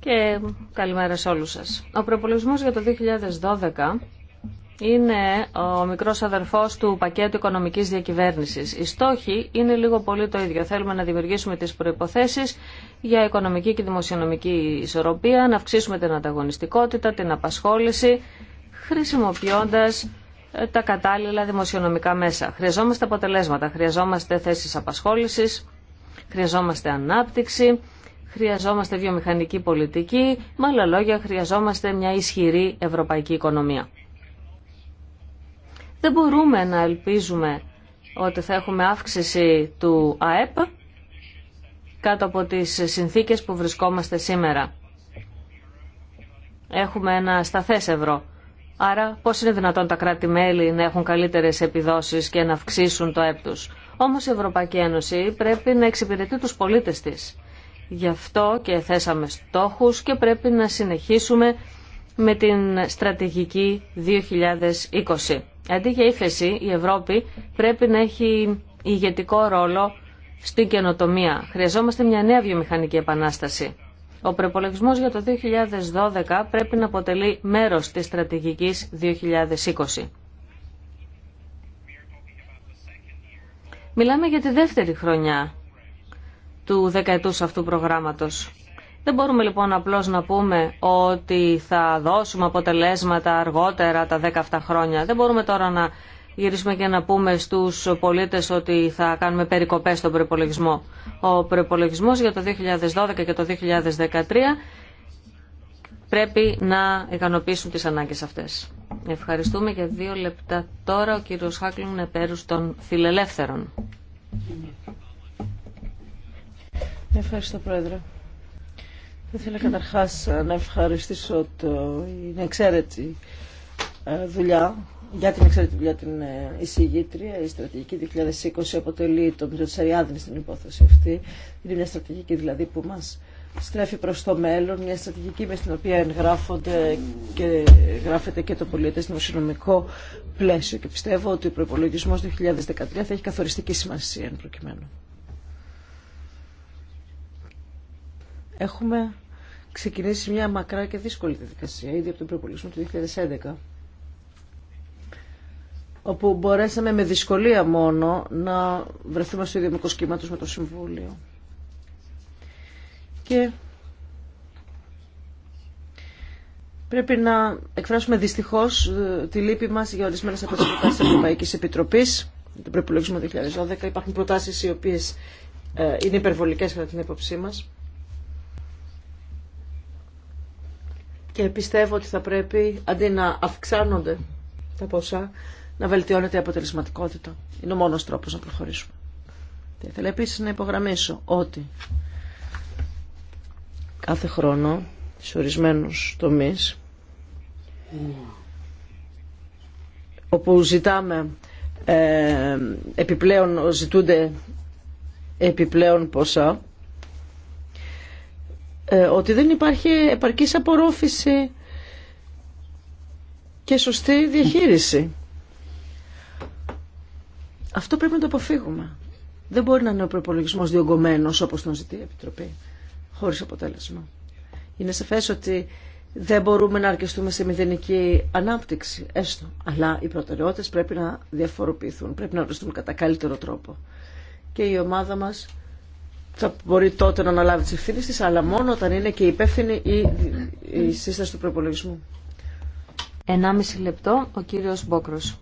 Και καλημέρα σε όλους σας. Ο προπολογισμός για το 2012 είναι ο μικρός αδερφός του πακέτου οικονομικής διακυβέρνησης. Οι στόχοι είναι λίγο πολύ το ίδιο. Θέλουμε να δημιουργήσουμε τις προϋποθέσεις για οικονομική και δημοσιονομική ισορροπία, να αυξήσουμε την ανταγωνιστικότητα, την απασχόληση, χρησιμοποιώντας ε, τα κατάλληλα δημοσιονομικά μέσα. Χρειαζόμαστε αποτελέσματα, χρειαζόμαστε θέσεις απασχόλησης, χρειαζόμαστε ανάπτυξη, χρειαζόμαστε βιομηχανική πολιτική, με άλλα λόγια χρειαζόμαστε μια ισχυρή ευρωπαϊκή οικονομία. Δεν μπορούμε να ελπίζουμε ότι θα έχουμε αύξηση του ΑΕΠ κάτω από τις συνθήκες που βρισκόμαστε σήμερα. Έχουμε ένα σταθές ευρώ. Άρα πώς είναι δυνατόν τα κράτη-μέλη να έχουν καλύτερες επιδόσεις και να αυξήσουν το ΑΕΠ Όμως η Ευρωπαϊκή Ένωση πρέπει να εξυπηρετεί τους πολίτες της. Γι' αυτό και θέσαμε στόχους και πρέπει να συνεχίσουμε με την στρατηγική 2020. Αντί για ύφεση, η Ευρώπη πρέπει να έχει ηγετικό ρόλο στην καινοτομία. Χρειαζόμαστε μια νέα βιομηχανική επανάσταση. Ο προπολογισμό για το 2012 πρέπει να αποτελεί μέρος της στρατηγικής 2020. Μιλάμε για τη δεύτερη χρονιά του δεκαετούς αυτού προγράμματος. Δεν μπορούμε λοιπόν απλώς να πούμε ότι θα δώσουμε αποτελέσματα αργότερα τα 17 χρόνια. Δεν μπορούμε τώρα να γυρίσουμε και να πούμε στους πολίτες ότι θα κάνουμε περικοπές στον προπολογισμό. Ο προπολογισμός για το 2012 και το 2013 πρέπει να ικανοποιήσουν τις ανάγκες αυτές. Ευχαριστούμε για δύο λεπτά τώρα ο κύριος Χάκλουν επέρους των φιλελεύθερων. Ευχαριστώ Πρόεδρε. Θα ήθελα καταρχάς να ευχαριστήσω το, την εξαίρετη ε, δουλειά για την εξαίρετη δουλειά την ε, εισηγήτρια. Η στρατηγική 2020 αποτελεί το μυαλό τη στην υπόθεση αυτή. Είναι μια στρατηγική δηλαδή που μας στρέφει προς το μέλλον, μια στρατηγική με την οποία εγγράφονται και γράφεται και το πολίτες δημοσιονομικό πλαίσιο και πιστεύω ότι ο προπολογισμό του 2013 θα έχει καθοριστική σημασία εν προκειμένου. Έχουμε ξεκινήσει μια μακρά και δύσκολη διαδικασία ήδη από τον προπολογισμό του 2011 όπου μπορέσαμε με δυσκολία μόνο να βρεθούμε στο ίδιο με το Συμβούλιο. Και πρέπει να εκφράσουμε δυστυχώς ε, τη λύπη μας για ορισμένε από τις προτάσεις της Ευρωπαϊκής Επιτροπής του 2012. Υπάρχουν προτάσεις οι οποίες ε, είναι υπερβολικές κατά την έποψή μας. και πιστεύω ότι θα πρέπει αντί να αυξάνονται τα ποσά να βελτιώνεται η αποτελεσματικότητα. Είναι ο μόνος τρόπος να προχωρήσουμε. Και ήθελα επίσης να υπογραμμίσω ότι κάθε χρόνο σε τομεί τομείς όπου ζητάμε ε, επιπλέον ζητούνται επιπλέον ποσά ε, ότι δεν υπάρχει επαρκής απορρόφηση και σωστή διαχείριση. Αυτό πρέπει να το αποφύγουμε. Δεν μπορεί να είναι ο προπολογισμό διωγγωμένο όπω τον ζητεί η Επιτροπή, χωρί αποτέλεσμα. Είναι σαφέ ότι δεν μπορούμε να αρκεστούμε σε μηδενική ανάπτυξη, έστω. Αλλά οι προτεραιότητε πρέπει να διαφοροποιηθούν, πρέπει να οριστούν κατά καλύτερο τρόπο. Και η ομάδα μας θα μπορεί τότε να αναλάβει τι ευθύνες της, αλλά μόνο όταν είναι και υπεύθυνη η, η σύσταση του προπολογισμού. 1,5 λεπτό ο κύριος Μπόκρος.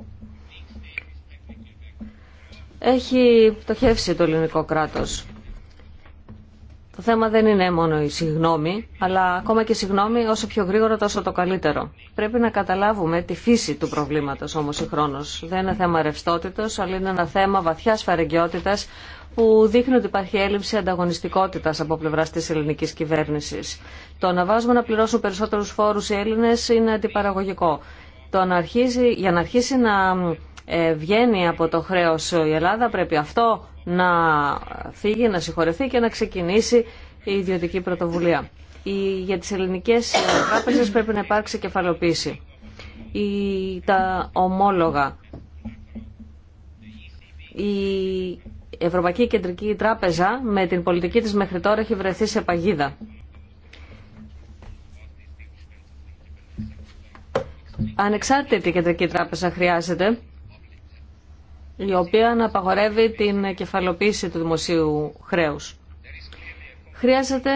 Έχει πτωχεύσει το ελληνικό κράτος. Το θέμα δεν είναι μόνο η συγγνώμη, αλλά ακόμα και συγγνώμη όσο πιο γρήγορα τόσο το καλύτερο. Πρέπει να καταλάβουμε τη φύση του προβλήματος όμως η χρόνος. Δεν είναι θέμα ρευστότητα, αλλά είναι ένα θέμα βαθιάς φαρεγγιότητας που δείχνει ότι υπάρχει έλλειψη ανταγωνιστικότητα από πλευρά τη ελληνική κυβέρνηση. Το να βάζουμε να πληρώσουν περισσότερου φόρου οι Έλληνε είναι αντιπαραγωγικό. Το να αρχίσει, για να αρχίσει να ε, βγαίνει από το χρέο η Ελλάδα πρέπει αυτό να φύγει, να συγχωρεθεί και να ξεκινήσει η ιδιωτική πρωτοβουλία. Για τις ελληνικές τράπεζες πρέπει να υπάρξει κεφαλοποίηση. Η, τα ομόλογα. Η Ευρωπαϊκή Κεντρική Τράπεζα με την πολιτική της μέχρι τώρα έχει βρεθεί σε παγίδα. Ανεξάρτητη Κεντρική Τράπεζα χρειάζεται η οποία να απαγορεύει την κεφαλοποίηση του δημοσίου χρέους. Χρειάζεται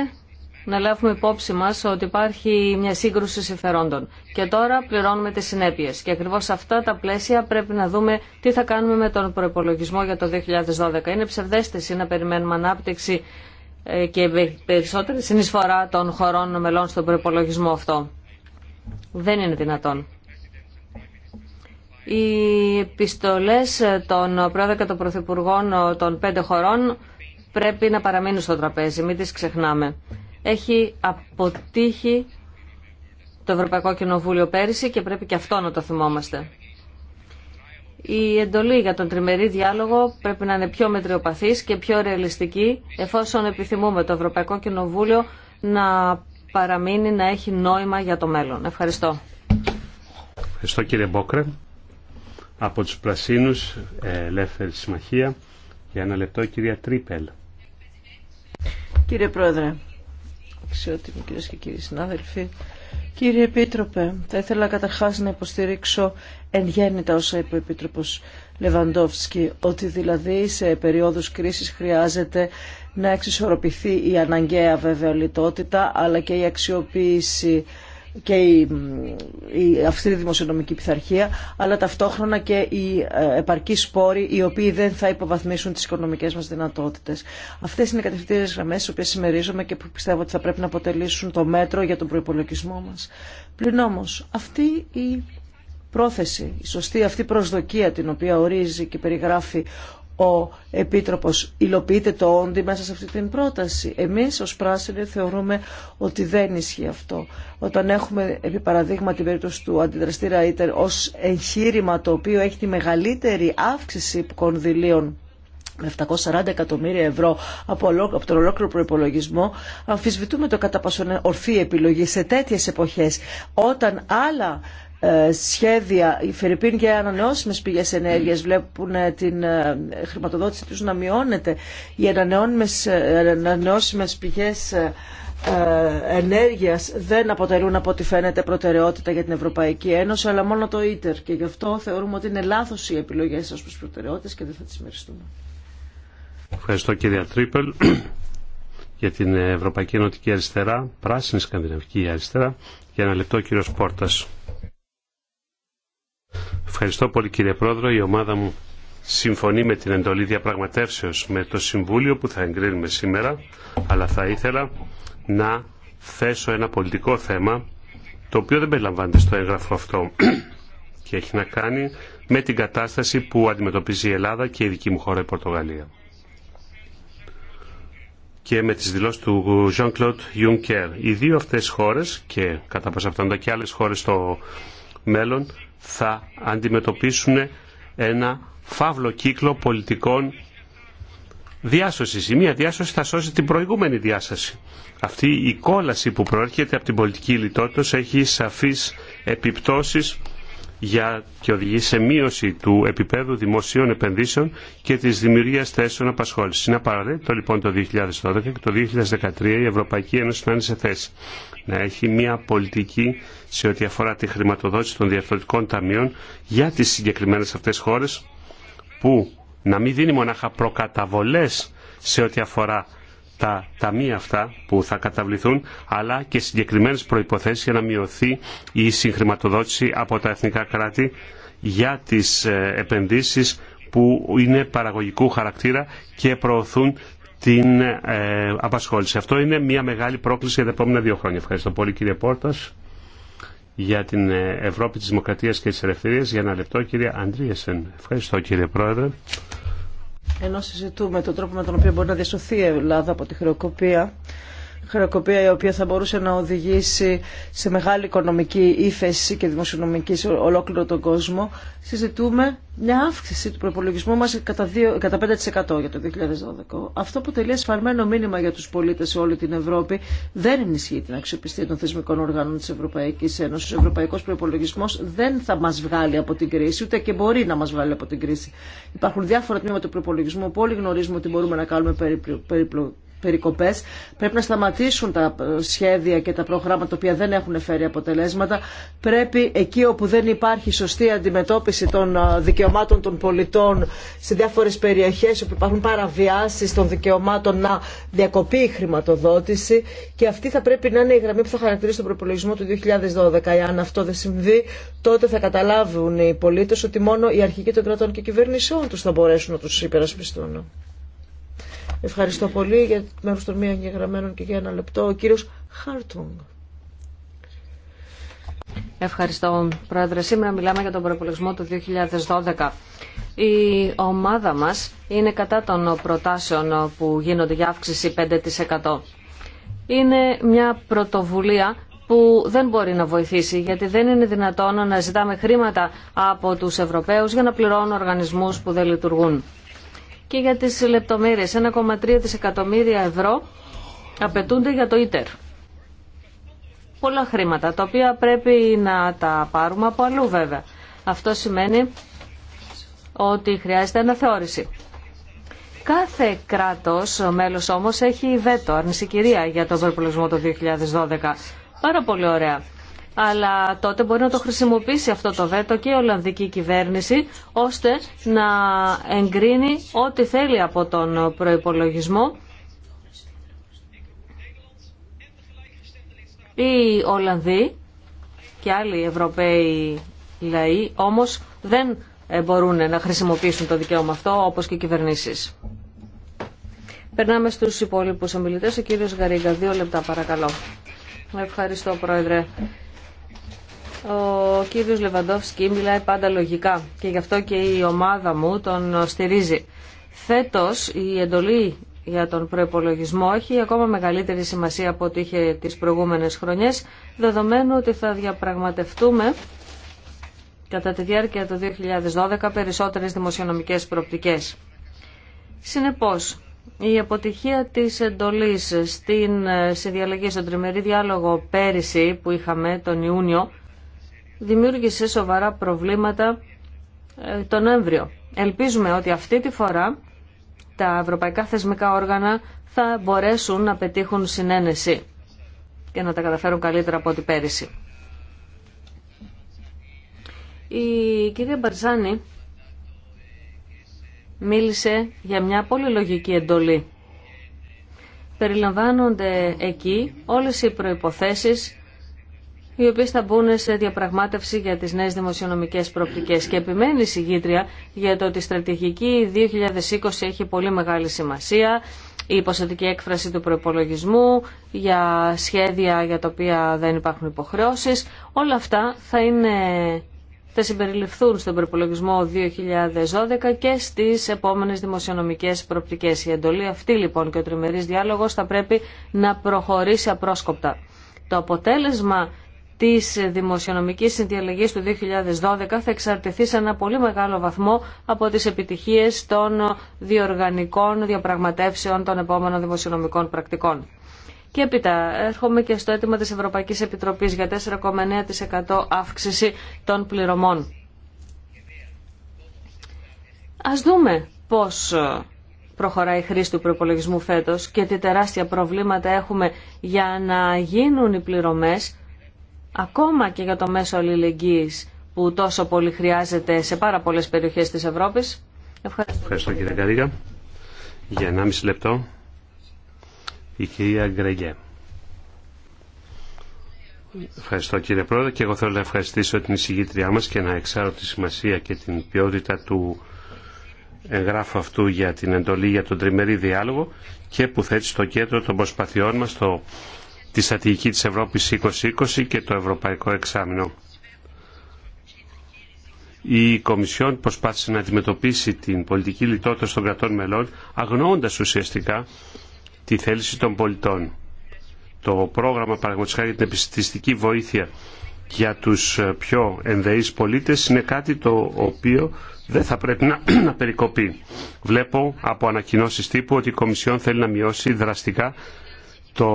να λάβουμε υπόψη μας ότι υπάρχει μια σύγκρουση συμφερόντων και τώρα πληρώνουμε τις συνέπειες και ακριβώς αυτά τα πλαίσια πρέπει να δούμε τι θα κάνουμε με τον προϋπολογισμό για το 2012. Είναι ψευδέστηση να περιμένουμε ανάπτυξη ε, και περισσότερη συνεισφορά των χωρών μελών στον προπολογισμό αυτό. Δεν είναι δυνατόν. Οι επιστολές των πρόεδρων και των πρωθυπουργών των πέντε χωρών πρέπει να παραμείνουν στο τραπέζι, μην τις ξεχνάμε. Έχει αποτύχει το Ευρωπαϊκό Κοινοβούλιο πέρυσι και πρέπει και αυτό να το θυμόμαστε. Η εντολή για τον τριμερή διάλογο πρέπει να είναι πιο μετριοπαθής και πιο ρεαλιστική εφόσον επιθυμούμε το Ευρωπαϊκό Κοινοβούλιο να παραμείνει να έχει νόημα για το μέλλον. Ευχαριστώ. Ευχαριστώ κύριε Μπόκρε. Από τους Πλασίνους, ε, Ελεύθερη Συμμαχία, για ένα λεπτό κυρία Τρίπελ. Κύριε Πρόεδρε, αξιότιμοι κυρίες και κύριοι συνάδελφοι, κύριε Επίτροπε, θα ήθελα καταρχάς να υποστηρίξω εν γέννη όσα είπε ο Επίτροπος Λεβαντόφσκι, ότι δηλαδή σε περίοδους κρίσης χρειάζεται να εξισορροπηθεί η αναγκαία βεβαιολιτότητα αλλά και η αξιοποίηση και η, η αυστηρή δημοσιονομική πειθαρχία, αλλά ταυτόχρονα και οι ε, επαρκείς σπόροι οι οποίοι δεν θα υποβαθμίσουν τις οικονομικές μας δυνατότητες. Αυτές είναι οι κατευθυντήριες γραμμές τις οποίες συμμερίζομαι και που πιστεύω ότι θα πρέπει να αποτελήσουν το μέτρο για τον προϋπολογισμό μας. Πλην όμως, αυτή η πρόθεση, η σωστή αυτή προσδοκία την οποία ορίζει και περιγράφει ο Επίτροπος υλοποιείται το όντι μέσα σε αυτή την πρόταση. Εμείς ως πράσινοι θεωρούμε ότι δεν ισχύει αυτό. Όταν έχουμε επί παραδείγμα την περίπτωση του αντιδραστήρα ΙΤΕΡ ως εγχείρημα το οποίο έχει τη μεγαλύτερη αύξηση κονδυλίων με 740 εκατομμύρια ευρώ από, από τον ολόκληρο προπολογισμό, αμφισβητούμε το κατά ορθή επιλογή σε τέτοιε εποχέ, όταν άλλα ε, σχέδια, οι Φερρυπίν και ανανεώσιμες πηγές ενέργειας βλέπουν ε, την ε, χρηματοδότηση τους να μειώνεται. Οι ανανεώσιμες πηγές ενέργειας δεν αποτελούν από ό,τι φαίνεται προτεραιότητα για την Ευρωπαϊκή Ένωση, αλλά μόνο το ίτερ. Και γι' αυτό θεωρούμε ότι είναι λάθος οι επιλογές σας προς προτεραιότητες και δεν θα τις μεριστούμε. Ευχαριστώ κυρία Τρίπελ για την Ευρωπαϊκή Ενωτική Αριστερά, πράσινη σκανδιναβική αριστερά. Για ένα λεπτό κύριο Πόρτας. Ευχαριστώ πολύ κύριε Πρόεδρο. Η ομάδα μου συμφωνεί με την εντολή διαπραγματεύσεως με το Συμβούλιο που θα εγκρίνουμε σήμερα, αλλά θα ήθελα να θέσω ένα πολιτικό θέμα το οποίο δεν περιλαμβάνεται στο έγγραφο αυτό και έχει να κάνει με την κατάσταση που αντιμετωπίζει η Ελλάδα και η δική μου χώρα η Πορτογαλία. Και με τις δηλώσεις του Jean-Claude Juncker. Οι δύο αυτές χώρες και κατά πάσα και άλλες χώρες στο μέλλον θα αντιμετωπίσουν ένα φαύλο κύκλο πολιτικών διάσωση. Η μία διάσωση θα σώσει την προηγούμενη διάσωση. Αυτή η κόλαση που προέρχεται από την πολιτική λιτότητα έχει σαφείς επιπτώσεις για και οδηγεί σε μείωση του επίπεδου δημοσίων επενδύσεων και της δημιουργίας θέσεων απασχόλησης. Είναι απαραίτητο λοιπόν το 2012 και το 2013 η Ευρωπαϊκή Ένωση να είναι σε θέση να έχει μια πολιτική σε ό,τι αφορά τη χρηματοδότηση των διαφορετικών ταμείων για τις συγκεκριμένες αυτές χώρες που να μην δίνει μονάχα προκαταβολές σε ό,τι αφορά τα ταμεία αυτά που θα καταβληθούν, αλλά και συγκεκριμένες προϋποθέσεις για να μειωθεί η συγχρηματοδότηση από τα εθνικά κράτη για τις ε, επενδύσεις που είναι παραγωγικού χαρακτήρα και προωθούν την ε, απασχόληση. Αυτό είναι μια μεγάλη πρόκληση για τα επόμενα δύο χρόνια. Ευχαριστώ πολύ κύριε Πόρτας για την ε, Ευρώπη της Δημοκρατίας και της Ελευθερίας. Για ένα λεπτό κύριε Αντρίεσεν. Ευχαριστώ κύριε Πρόεδρε. Ενώ συζητούμε τον τρόπο με τον οποίο μπορεί να διασωθεί η Ελλάδα από τη χρεοκοπία, χρεοκοπία η οποία θα μπορούσε να οδηγήσει σε μεγάλη οικονομική ύφεση και δημοσιονομική σε ολόκληρο τον κόσμο, συζητούμε μια αύξηση του προπολογισμού μας κατά, κατά 5% για το 2012. Αυτό που αποτελεί ασφαλμένο μήνυμα για τους πολίτες σε όλη την Ευρώπη. Δεν ενισχύει την αξιοπιστία των θεσμικών οργάνων της Ευρωπαϊκής Ένωσης. Ο ευρωπαϊκός προπολογισμό δεν θα μας βγάλει από την κρίση, ούτε και μπορεί να μας βγάλει από την κρίση. Υπάρχουν διάφορα τμήματα του προπολογισμού που όλοι γνωρίζουμε ότι μπορούμε να κάνουμε Περιπλο- περικοπές. Πρέπει να σταματήσουν τα ε, σχέδια και τα προγράμματα τα οποία δεν έχουν φέρει αποτελέσματα. Πρέπει εκεί όπου δεν υπάρχει σωστή αντιμετώπιση των ε, δικαιωμάτων των πολιτών σε διάφορες περιοχές όπου υπάρχουν παραβιάσεις των δικαιωμάτων να διακοπεί η χρηματοδότηση και αυτή θα πρέπει να είναι η γραμμή που θα χαρακτηρίσει τον προπολογισμό του 2012. Εάν αυτό δεν συμβεί, τότε θα καταλάβουν οι πολίτες ότι μόνο η αρχική των κρατών και κυβερνησεών τους θα μπορέσουν να τους υπερασπιστούν. Ευχαριστώ πολύ για μέρους των μη εγγεγραμμένων και για ένα λεπτό. Ο κύριο Χάρτουγκ. Ευχαριστώ, Πρόεδρε. Σήμερα μιλάμε για τον προπολογισμό του 2012. Η ομάδα μα είναι κατά των προτάσεων που γίνονται για αύξηση 5%. Είναι μια πρωτοβουλία που δεν μπορεί να βοηθήσει, γιατί δεν είναι δυνατόν να ζητάμε χρήματα από τους Ευρωπαίους για να πληρώνουν οργανισμούς που δεν λειτουργούν. Και για τις λεπτομέρειες, 1,3 δισεκατομμύρια ευρώ απαιτούνται για το ΙΤΕΡ. Πολλά χρήματα, τα οποία πρέπει να τα πάρουμε από αλλού βέβαια. Αυτό σημαίνει ότι χρειάζεται αναθεώρηση. Κάθε κράτος μέλος όμως έχει βέτο, αρνησικυρία για τον προπολογισμό το 2012. Πάρα πολύ ωραία αλλά τότε μπορεί να το χρησιμοποιήσει αυτό το βέτο και η Ολλανδική κυβέρνηση ώστε να εγκρίνει ό,τι θέλει από τον προϋπολογισμό Οι Ολλανδοί και άλλοι Ευρωπαίοι λαοί όμως δεν ε, μπορούν να χρησιμοποιήσουν το δικαίωμα αυτό όπως και οι κυβερνήσεις. Περνάμε στους υπόλοιπους ομιλητές. Ο κύριος Γαρίγκα, δύο λεπτά παρακαλώ. Ευχαριστώ Πρόεδρε. Ο κύριος Λεβαντόφσκι μιλάει πάντα λογικά και γι' αυτό και η ομάδα μου τον στηρίζει. Φέτος η εντολή για τον προπολογισμό έχει ακόμα μεγαλύτερη σημασία από ό,τι είχε τις προηγούμενες χρονιές, δεδομένου ότι θα διαπραγματευτούμε κατά τη διάρκεια του 2012 περισσότερες δημοσιονομικές προοπτικές. Συνεπώς, η αποτυχία της εντολής στην ε, διαλογή στον τριμερή διάλογο πέρυσι που είχαμε τον Ιούνιο δημιούργησε σοβαρά προβλήματα ε, τον Νοέμβριο. Ελπίζουμε ότι αυτή τη φορά τα ευρωπαϊκά θεσμικά όργανα θα μπορέσουν να πετύχουν συνένεση και να τα καταφέρουν καλύτερα από ό,τι πέρυσι. Η κυρία Μπαρζάνη μίλησε για μια πολύ λογική εντολή. Περιλαμβάνονται εκεί όλες οι προϋποθέσεις οι οποίες θα μπουν σε διαπραγμάτευση για τις νέες δημοσιονομικές προοπτικές. Και επιμένει η συγγήτρια για το ότι η στρατηγική 2020 έχει πολύ μεγάλη σημασία, η ποσοτική έκφραση του προπολογισμού, για σχέδια για τα οποία δεν υπάρχουν υποχρεώσεις. Όλα αυτά θα, είναι, θα συμπεριληφθούν στον προπολογισμό 2012 και στις επόμενες δημοσιονομικές προοπτικές. Η εντολή αυτή λοιπόν και ο τριμερής διάλογος θα πρέπει να προχωρήσει απρόσκοπτα. Το αποτέλεσμα τη δημοσιονομική συνδιαλλαγή του 2012 θα εξαρτηθεί σε ένα πολύ μεγάλο βαθμό από τι επιτυχίε των διοργανικών διαπραγματεύσεων των επόμενων δημοσιονομικών πρακτικών. Και έπειτα έρχομαι και στο αίτημα της Ευρωπαϊκής Επιτροπής για 4,9% αύξηση των πληρωμών. Ας δούμε πώς προχωράει η χρήση του προπολογισμού φέτος και τι τεράστια προβλήματα έχουμε για να γίνουν οι πληρωμές ακόμα και για το μέσο αλληλεγγύης που τόσο πολύ χρειάζεται σε πάρα πολλές περιοχές της Ευρώπης. Ευχαριστώ, Ευχαριστώ κύριε Καρίγα. Για 1,5 λεπτό η κυρία Γκρεγέ. Ευχαριστώ κύριε Πρόεδρε και εγώ θέλω να ευχαριστήσω την εισηγήτριά μας και να εξάρω τη σημασία και την ποιότητα του εγγράφου αυτού για την εντολή για τον τριμερή διάλογο και που θέτει στο κέντρο των προσπαθειών μας το τη στρατηγική της Ευρώπης 2020 και το Ευρωπαϊκό Εξάμεινο. Η Κομισιόν προσπάθησε να αντιμετωπίσει την πολιτική λιτότητα των κρατών μελών αγνοώντας ουσιαστικά τη θέληση των πολιτών. Το πρόγραμμα παραγωγικά για την επιστημιστική βοήθεια για τους ε, πιο ενδεείς πολίτες είναι κάτι το οποίο δεν θα πρέπει να, να περικοπεί. Βλέπω από ανακοινώσεις τύπου ότι η Κομισιόν θέλει να μειώσει δραστικά το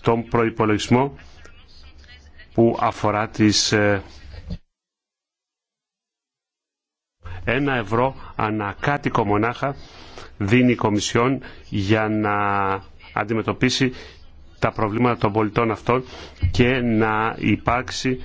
τον προϋπολογισμό που αφορά τις ε, ένα ευρώ ανακάτοικο μονάχα δίνει η Κομισιόν για να αντιμετωπίσει τα προβλήματα των πολιτών αυτών και να υπάρξει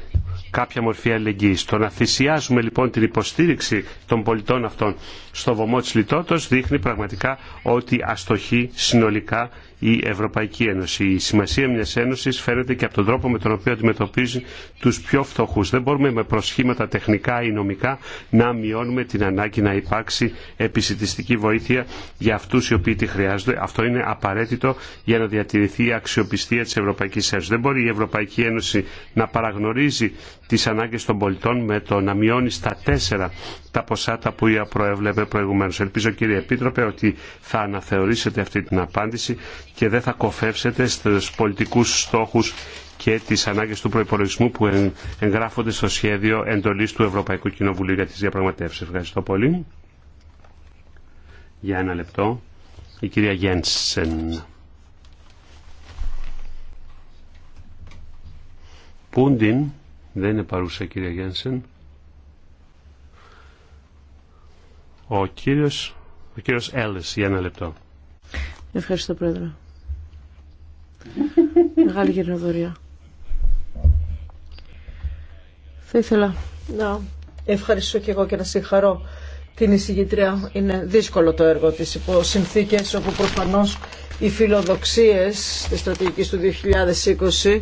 κάποια μορφή αλληλεγγύης. Το να θυσιάζουμε λοιπόν την υποστήριξη των πολιτών αυτών στο βωμό της λιτότητας δείχνει πραγματικά ότι αστοχεί συνολικά η Ευρωπαϊκή Ένωση. Η σημασία μιας ένωσης φαίνεται και από τον τρόπο με τον οποίο αντιμετωπίζει τους πιο φτωχούς. Δεν μπορούμε με προσχήματα τεχνικά ή νομικά να μειώνουμε την ανάγκη να υπάρξει επισητιστική βοήθεια για αυτούς οι οποίοι τη χρειάζονται. Αυτό είναι απαραίτητο για να διατηρηθεί η αξιοπιστία της Ευρωπαϊκής Ένωσης. Δεν μπορεί η Ευρωπαϊκή Ένωση να παραγνωρίζει τις ανάγκες των πολιτών με το να μειώνει στα τέσσερα τα ποσά τα που προέβλεπε προηγουμένως. Ελπίζω κύριε Επίτροπε ότι θα αναθεωρήσετε αυτή την απάντηση και δεν θα κοφεύσετε στους πολιτικούς στόχους και τις ανάγκες του προϋπολογισμού που εγγράφονται στο σχέδιο εντολής του Ευρωπαϊκού Κοινοβουλίου για τις διαπραγματεύσεις. Ευχαριστώ πολύ. Για ένα λεπτό. Η κυρία Γένσεν. Πούντιν. Δεν είναι παρούσα κυρία Γένσεν. Ο κύριος, ο κύριος Έλλης, για ένα λεπτό. Ευχαριστώ πρόεδρε. Μεγάλη γυρνοδορία. Θα ήθελα να Ευχαριστώ και εγώ και να συγχαρώ την εισηγητρία. Είναι δύσκολο το έργο της υπό συνθήκες όπου προφανώς οι φιλοδοξίες της στρατηγικής του 2020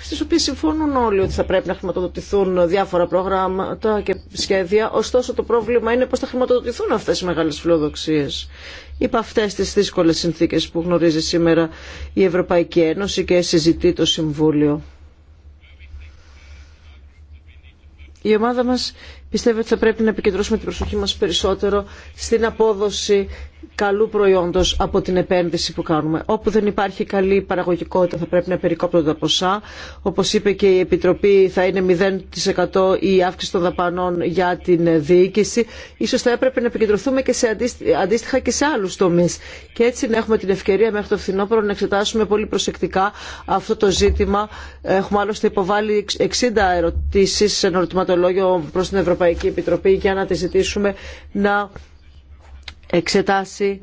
Στι οποίες συμφωνούν όλοι ότι θα πρέπει να χρηματοδοτηθούν διάφορα προγράμματα και σχέδια. Ωστόσο το πρόβλημα είναι πώς θα χρηματοδοτηθούν αυτές οι μεγάλες φιλοδοξίε. Υπ' αυτές τις δύσκολε συνθήκες που γνωρίζει σήμερα η Ευρωπαϊκή Ένωση και συζητεί το Συμβούλιο. Η ομάδα μας Πιστεύω ότι θα πρέπει να επικεντρώσουμε την προσοχή μας περισσότερο στην απόδοση καλού προϊόντος από την επένδυση που κάνουμε. Όπου δεν υπάρχει καλή παραγωγικότητα θα πρέπει να περικόπτονται τα ποσά. Όπως είπε και η Επιτροπή θα είναι 0% η αύξηση των δαπανών για την διοίκηση. Ίσως θα έπρεπε να επικεντρωθούμε και σε αντίστοιχα και σε άλλους τομείς. Και έτσι να έχουμε την ευκαιρία μέχρι το φθινόπωρο να εξετάσουμε πολύ προσεκτικά αυτό το ζήτημα. Έχουμε άλλωστε υποβάλει 60 ερωτήσεις σε ερωτηματολόγιο προς την Ευρωπαϊκή Ευρωπαϊκή Επιτροπή για να τη ζητήσουμε να εξετάσει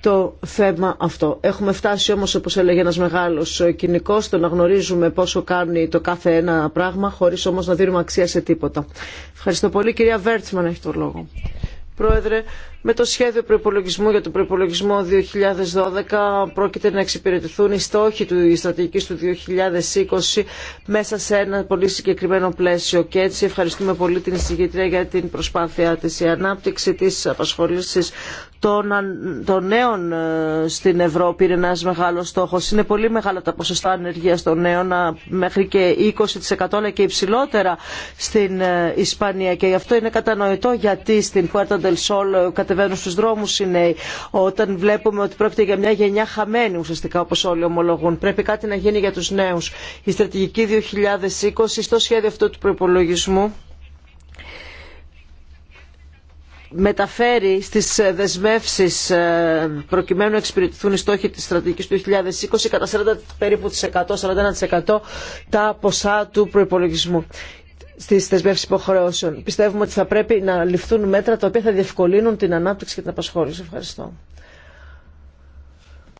το θέμα αυτό. Έχουμε φτάσει όμως, όπως έλεγε ένας μεγάλος κοινικός, στο να γνωρίζουμε πόσο κάνει το κάθε ένα πράγμα, χωρίς όμως να δίνουμε αξία σε τίποτα. Ευχαριστώ πολύ. Κυρία Βέρτσμαν έχει το λόγο. Πρόεδρε, με το σχέδιο προπολογισμού για τον προπολογισμό 2012 πρόκειται να εξυπηρετηθούν οι στόχοι του στρατηγικής του 2020 μέσα σε ένα πολύ συγκεκριμένο πλαίσιο. Και έτσι ευχαριστούμε πολύ την εισηγήτρια για την προσπάθειά της. Η ανάπτυξη της απασχόλησης των νέων ε, στην Ευρώπη είναι ένας μεγάλος στόχος. Είναι πολύ μεγάλα τα ποσοστά ανεργίας των νέων, μέχρι και 20% αλλά και υψηλότερα στην ε, Ισπανία. Και αυτό είναι κατανοητό γιατί στην Puerta del Sol ε, κατεβαίνουν στου δρόμου οι νέοι, όταν βλέπουμε ότι πρόκειται για μια γενιά χαμένη ουσιαστικά όπως όλοι ομολογούν. Πρέπει κάτι να γίνει για του νέου. Η στρατηγική 2020 στο σχέδιο αυτό του προπολογισμού μεταφέρει στις ε, δεσμεύσεις ε, προκειμένου να εξυπηρετηθούν οι στόχοι της στρατηγικής του 2020 κατά 40, περίπου 41% τα ποσά του προϋπολογισμού στις θεσμεύσει υποχρεώσεων. Πιστεύουμε ότι θα πρέπει να ληφθούν μέτρα τα οποία θα διευκολύνουν την ανάπτυξη και την απασχόληση. Ευχαριστώ.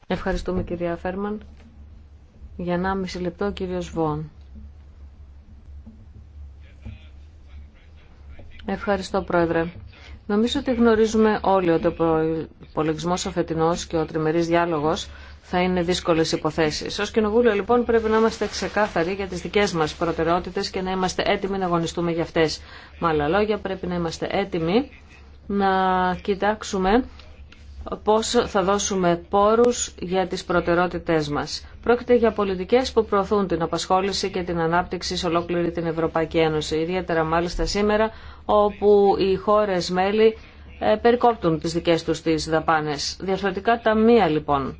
Ευχαριστούμε κυρία Φέρμαν. Για 1,5 λεπτό ο κύριος Βόν. Ευχαριστώ πρόεδρε. Νομίζω ότι γνωρίζουμε όλοι ότι ο υπολογισμό αφετινός και ο τριμερής διάλογος θα είναι δύσκολε υποθέσει. Ω Κοινοβούλιο λοιπόν πρέπει να είμαστε ξεκάθαροι για τι δικέ μα προτεραιότητες και να είμαστε έτοιμοι να αγωνιστούμε για αυτέ. Με άλλα λόγια πρέπει να είμαστε έτοιμοι να κοιτάξουμε πώ θα δώσουμε πόρου για τι προτεραιότητές μα. Πρόκειται για πολιτικέ που προωθούν την απασχόληση και την ανάπτυξη σε ολόκληρη την Ευρωπαϊκή Ένωση, ιδιαίτερα μάλιστα σήμερα όπου οι χώρε μέλη ε, περικόπτουν τις δικές τους τις δαπάνες. Διαφορετικά ταμεία λοιπόν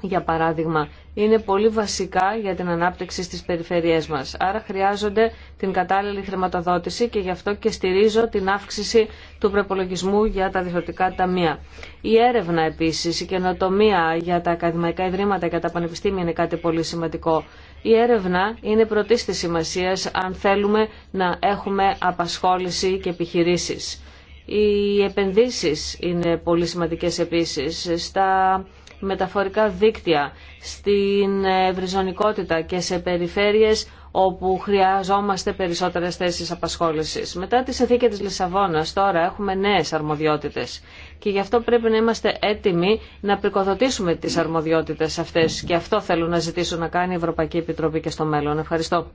για παράδειγμα, είναι πολύ βασικά για την ανάπτυξη στις περιφερειές μας. Άρα χρειάζονται την κατάλληλη χρηματοδότηση και γι' αυτό και στηρίζω την αύξηση του προπολογισμού για τα διευθυντικά ταμεία. Η έρευνα επίσης, η καινοτομία για τα ακαδημαϊκά ιδρύματα και τα πανεπιστήμια είναι κάτι πολύ σημαντικό. Η έρευνα είναι πρωτής σημασίας αν θέλουμε να έχουμε απασχόληση και επιχειρήσεις. Οι επενδύσεις είναι πολύ σημαντικές επίσης στα μεταφορικά δίκτυα, στην ευρυζωνικότητα και σε περιφέρειες όπου χρειαζόμαστε περισσότερες θέσεις απασχόλησης. Μετά τη συνθήκη της Λισαβόνας τώρα έχουμε νέες αρμοδιότητες και γι' αυτό πρέπει να είμαστε έτοιμοι να πρικοδοτήσουμε τις αρμοδιότητες αυτές και αυτό θέλω να ζητήσω να κάνει η Ευρωπαϊκή Επιτροπή και στο μέλλον. Ευχαριστώ.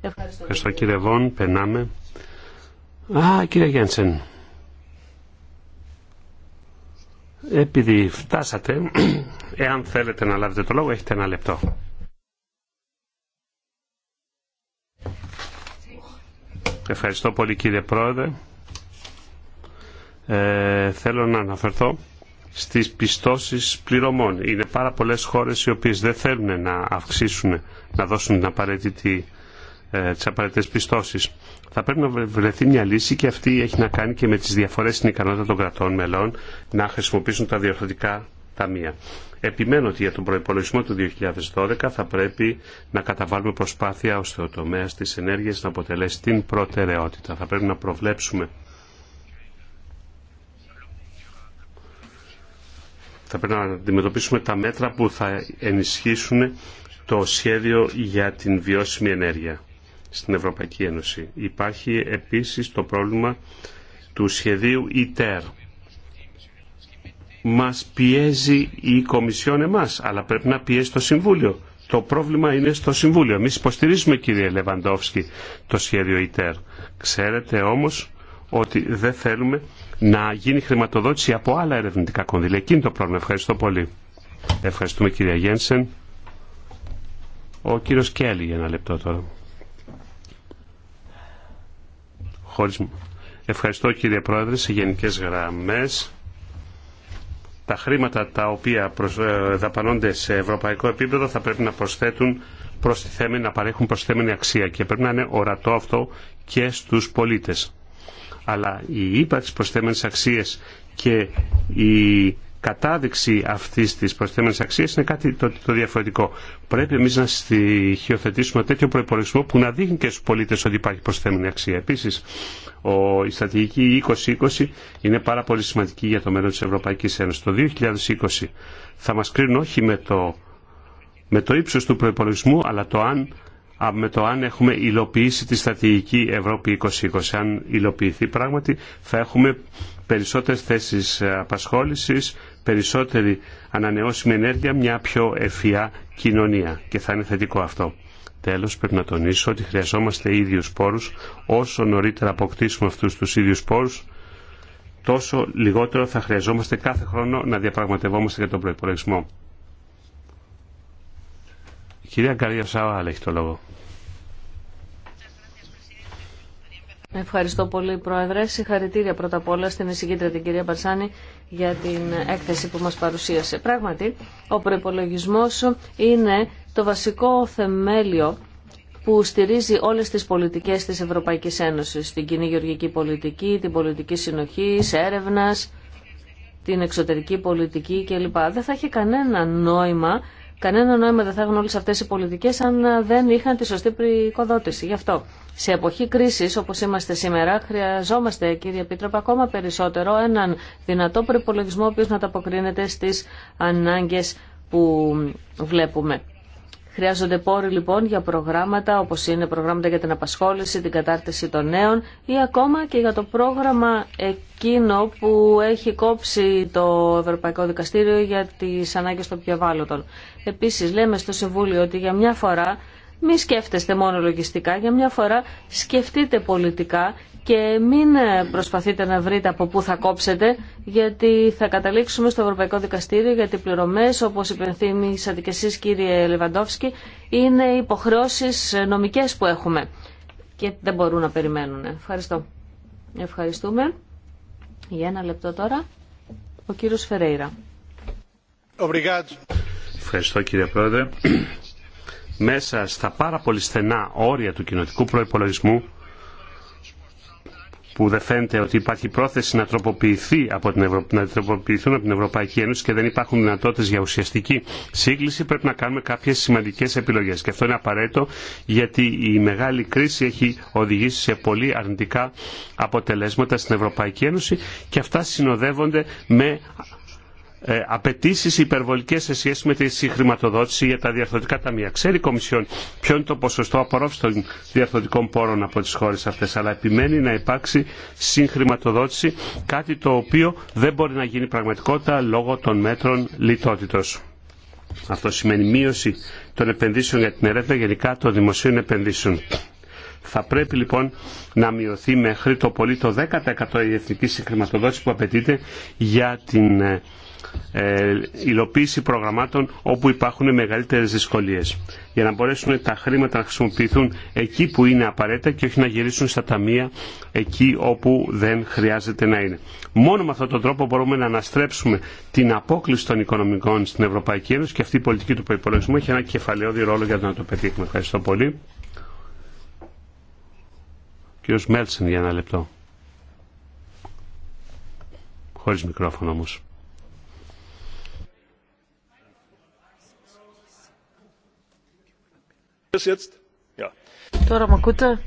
Ευχαριστώ, Α, κύριε Επειδή φτάσατε, εάν θέλετε να λάβετε το λόγο, έχετε ένα λεπτό. Ευχαριστώ πολύ κύριε Πρόεδρε. Ε, θέλω να αναφερθώ στις πιστώσεις πληρωμών. Είναι πάρα πολλές χώρες οι οποίες δεν θέλουν να αυξήσουν, να δώσουν την απαραίτητη, ε, τις απαραίτητες πιστώσεις θα πρέπει να βρεθεί μια λύση και αυτή έχει να κάνει και με τις διαφορές στην ικανότητα των κρατών μελών να χρησιμοποιήσουν τα διορθωτικά ταμεία. Επιμένω ότι για τον προπολογισμό του 2012 θα πρέπει να καταβάλουμε προσπάθεια ώστε ο τομέα τη ενέργεια να αποτελέσει την προτεραιότητα. Θα πρέπει να προβλέψουμε. Θα πρέπει να αντιμετωπίσουμε τα μέτρα που θα ενισχύσουν το σχέδιο για την βιώσιμη ενέργεια στην Ευρωπαϊκή Ένωση. Υπάρχει επίσης το πρόβλημα του σχεδίου ΙΤΕΡ. Μας πιέζει η Κομισιόν εμάς, αλλά πρέπει να πιέσει το Συμβούλιο. Το πρόβλημα είναι στο Συμβούλιο. Εμείς υποστηρίζουμε κύριε Λεβαντόφσκι το σχέδιο ΙΤΕΡ. Ξέρετε όμως ότι δεν θέλουμε να γίνει χρηματοδότηση από άλλα ερευνητικά κονδύλια. Εκείνη το πρόβλημα. Ευχαριστώ πολύ. Ευχαριστούμε κύριε Γένσεν. Ο κύριος Κέλλη για ένα λεπτό τώρα. Ευχαριστώ κύριε Πρόεδρε σε γενικές γραμμές. Τα χρήματα τα οποία ε, δαπανώνται σε ευρωπαϊκό επίπεδο θα πρέπει να προσθέτουν προστιθέμενη, να παρέχουν προστιθέμενη αξία και πρέπει να είναι ορατό αυτό και στους πολίτες. Αλλά η ύπαρξη προστιθέμενης αξίες και η κατάδειξη αυτή τη προσθέμενης αξία είναι κάτι το, το διαφορετικό. Πρέπει εμεί να στοιχειοθετήσουμε τέτοιο προπολογισμό που να δείχνει και στου πολίτε ότι υπάρχει προσθέμενη αξία. Επίση, η στρατηγική 2020 είναι πάρα πολύ σημαντική για το μέλλον τη Ευρωπαϊκή Ένωση. Το 2020 θα μα κρίνουν όχι με το, με το ύψος του προπολογισμού, αλλά το αν με το αν έχουμε υλοποιήσει τη στρατηγική Ευρώπη 2020. Αν υλοποιηθεί πράγματι θα έχουμε περισσότερες θέσεις ε, απασχόλησης, περισσότερη ανανεώσιμη ενέργεια, μια πιο ευφυά κοινωνία και θα είναι θετικό αυτό. Τέλο, πρέπει να τονίσω ότι χρειαζόμαστε ίδιου πόρου, Όσο νωρίτερα αποκτήσουμε αυτού του ίδιου πόρου. τόσο λιγότερο θα χρειαζόμαστε κάθε χρόνο να διαπραγματευόμαστε για τον προπολογισμό. Η κυρία Καρία άλλα έχει το λόγο. Ευχαριστώ πολύ, Πρόεδρε. Συγχαρητήρια πρώτα απ' όλα στην εισηγήτρια την κυρία Μπαρσάνη για την έκθεση που μας παρουσίασε. Πράγματι, ο προϋπολογισμός είναι το βασικό θεμέλιο που στηρίζει όλες τις πολιτικές της Ευρωπαϊκής Ένωσης, την κοινή γεωργική πολιτική, την πολιτική συνοχής, έρευνας, την εξωτερική πολιτική κλπ. Δεν θα έχει κανένα νόημα Κανένα νόημα δεν θα έχουν όλε αυτέ οι πολιτικέ αν ε, δεν είχαν τη σωστή προϋποδότηση. Γι' αυτό, σε εποχή κρίση όπω είμαστε σήμερα, χρειαζόμαστε, κύριε Επίτροπε, ακόμα περισσότερο έναν δυνατό προπολογισμό ο οποίο να τα αποκρίνεται στι ανάγκε που βλέπουμε. Χρειάζονται πόροι λοιπόν για προγράμματα όπως είναι προγράμματα για την απασχόληση, την κατάρτιση των νέων ή ακόμα και για το πρόγραμμα εκείνο που έχει κόψει το Ευρωπαϊκό Δικαστήριο για τις ανάγκες των πιο Επίσης λέμε στο Συμβούλιο ότι για μια φορά μη σκέφτεστε μόνο λογιστικά, για μια φορά σκεφτείτε πολιτικά και μην προσπαθείτε να βρείτε από πού θα κόψετε, γιατί θα καταλήξουμε στο Ευρωπαϊκό Δικαστήριο γιατί οι πληρωμές, όπως υπενθύμησατε και εσείς κύριε Λεβαντόφσκι, είναι υποχρεώσεις νομικές που έχουμε και δεν μπορούν να περιμένουν. Ευχαριστώ. Ευχαριστούμε. Για ένα λεπτό τώρα, ο κύριος Φερέιρα. Ευχαριστώ κύριε Πρόεδρε. Μέσα στα πάρα πολύ στενά όρια του κοινοτικού προϋπολογισμού που δεν φαίνεται ότι υπάρχει πρόθεση να, τροποποιηθεί από να τροποποιηθούν από την Ευρωπαϊκή Ένωση και δεν υπάρχουν δυνατότητες για ουσιαστική σύγκληση, πρέπει να κάνουμε κάποιες σημαντικές επιλογές. Και αυτό είναι απαραίτητο γιατί η μεγάλη κρίση έχει οδηγήσει σε πολύ αρνητικά αποτελέσματα στην Ευρωπαϊκή Ένωση και αυτά συνοδεύονται με ε, απαιτήσει υπερβολικέ σε σχέση με τη συγχρηματοδότηση για τα διαρθρωτικά ταμεία. Ξέρει η Κομισιόν ποιο είναι το ποσοστό απορρόφηση των διαρθρωτικών πόρων από τι χώρε αυτέ, αλλά επιμένει να υπάρξει συγχρηματοδότηση, κάτι το οποίο δεν μπορεί να γίνει πραγματικότητα λόγω των μέτρων λιτότητο. Αυτό σημαίνει μείωση των επενδύσεων για την ερεύνα γενικά των δημοσίων επενδύσεων. Θα πρέπει λοιπόν να μειωθεί μέχρι το πολύ το 10% η εθνική συγχρηματοδότηση που απαιτείται για την ε, ε, υλοποίηση προγραμμάτων όπου υπάρχουν μεγαλύτερες δυσκολίες για να μπορέσουν τα χρήματα να χρησιμοποιηθούν εκεί που είναι απαραίτητα και όχι να γυρίσουν στα ταμεία εκεί όπου δεν χρειάζεται να είναι. Μόνο με αυτόν τον τρόπο μπορούμε να αναστρέψουμε την απόκληση των οικονομικών στην Ευρωπαϊκή Ένωση και αυτή η πολιτική του προπολογισμού έχει ένα κεφαλαιόδη ρόλο για να το πετύχουμε. Ευχαριστώ πολύ. Κύριος Μέλσεν για ένα λεπτό. Χωρίς μικρόφωνο όμως. Τώρα μ' ακούτε.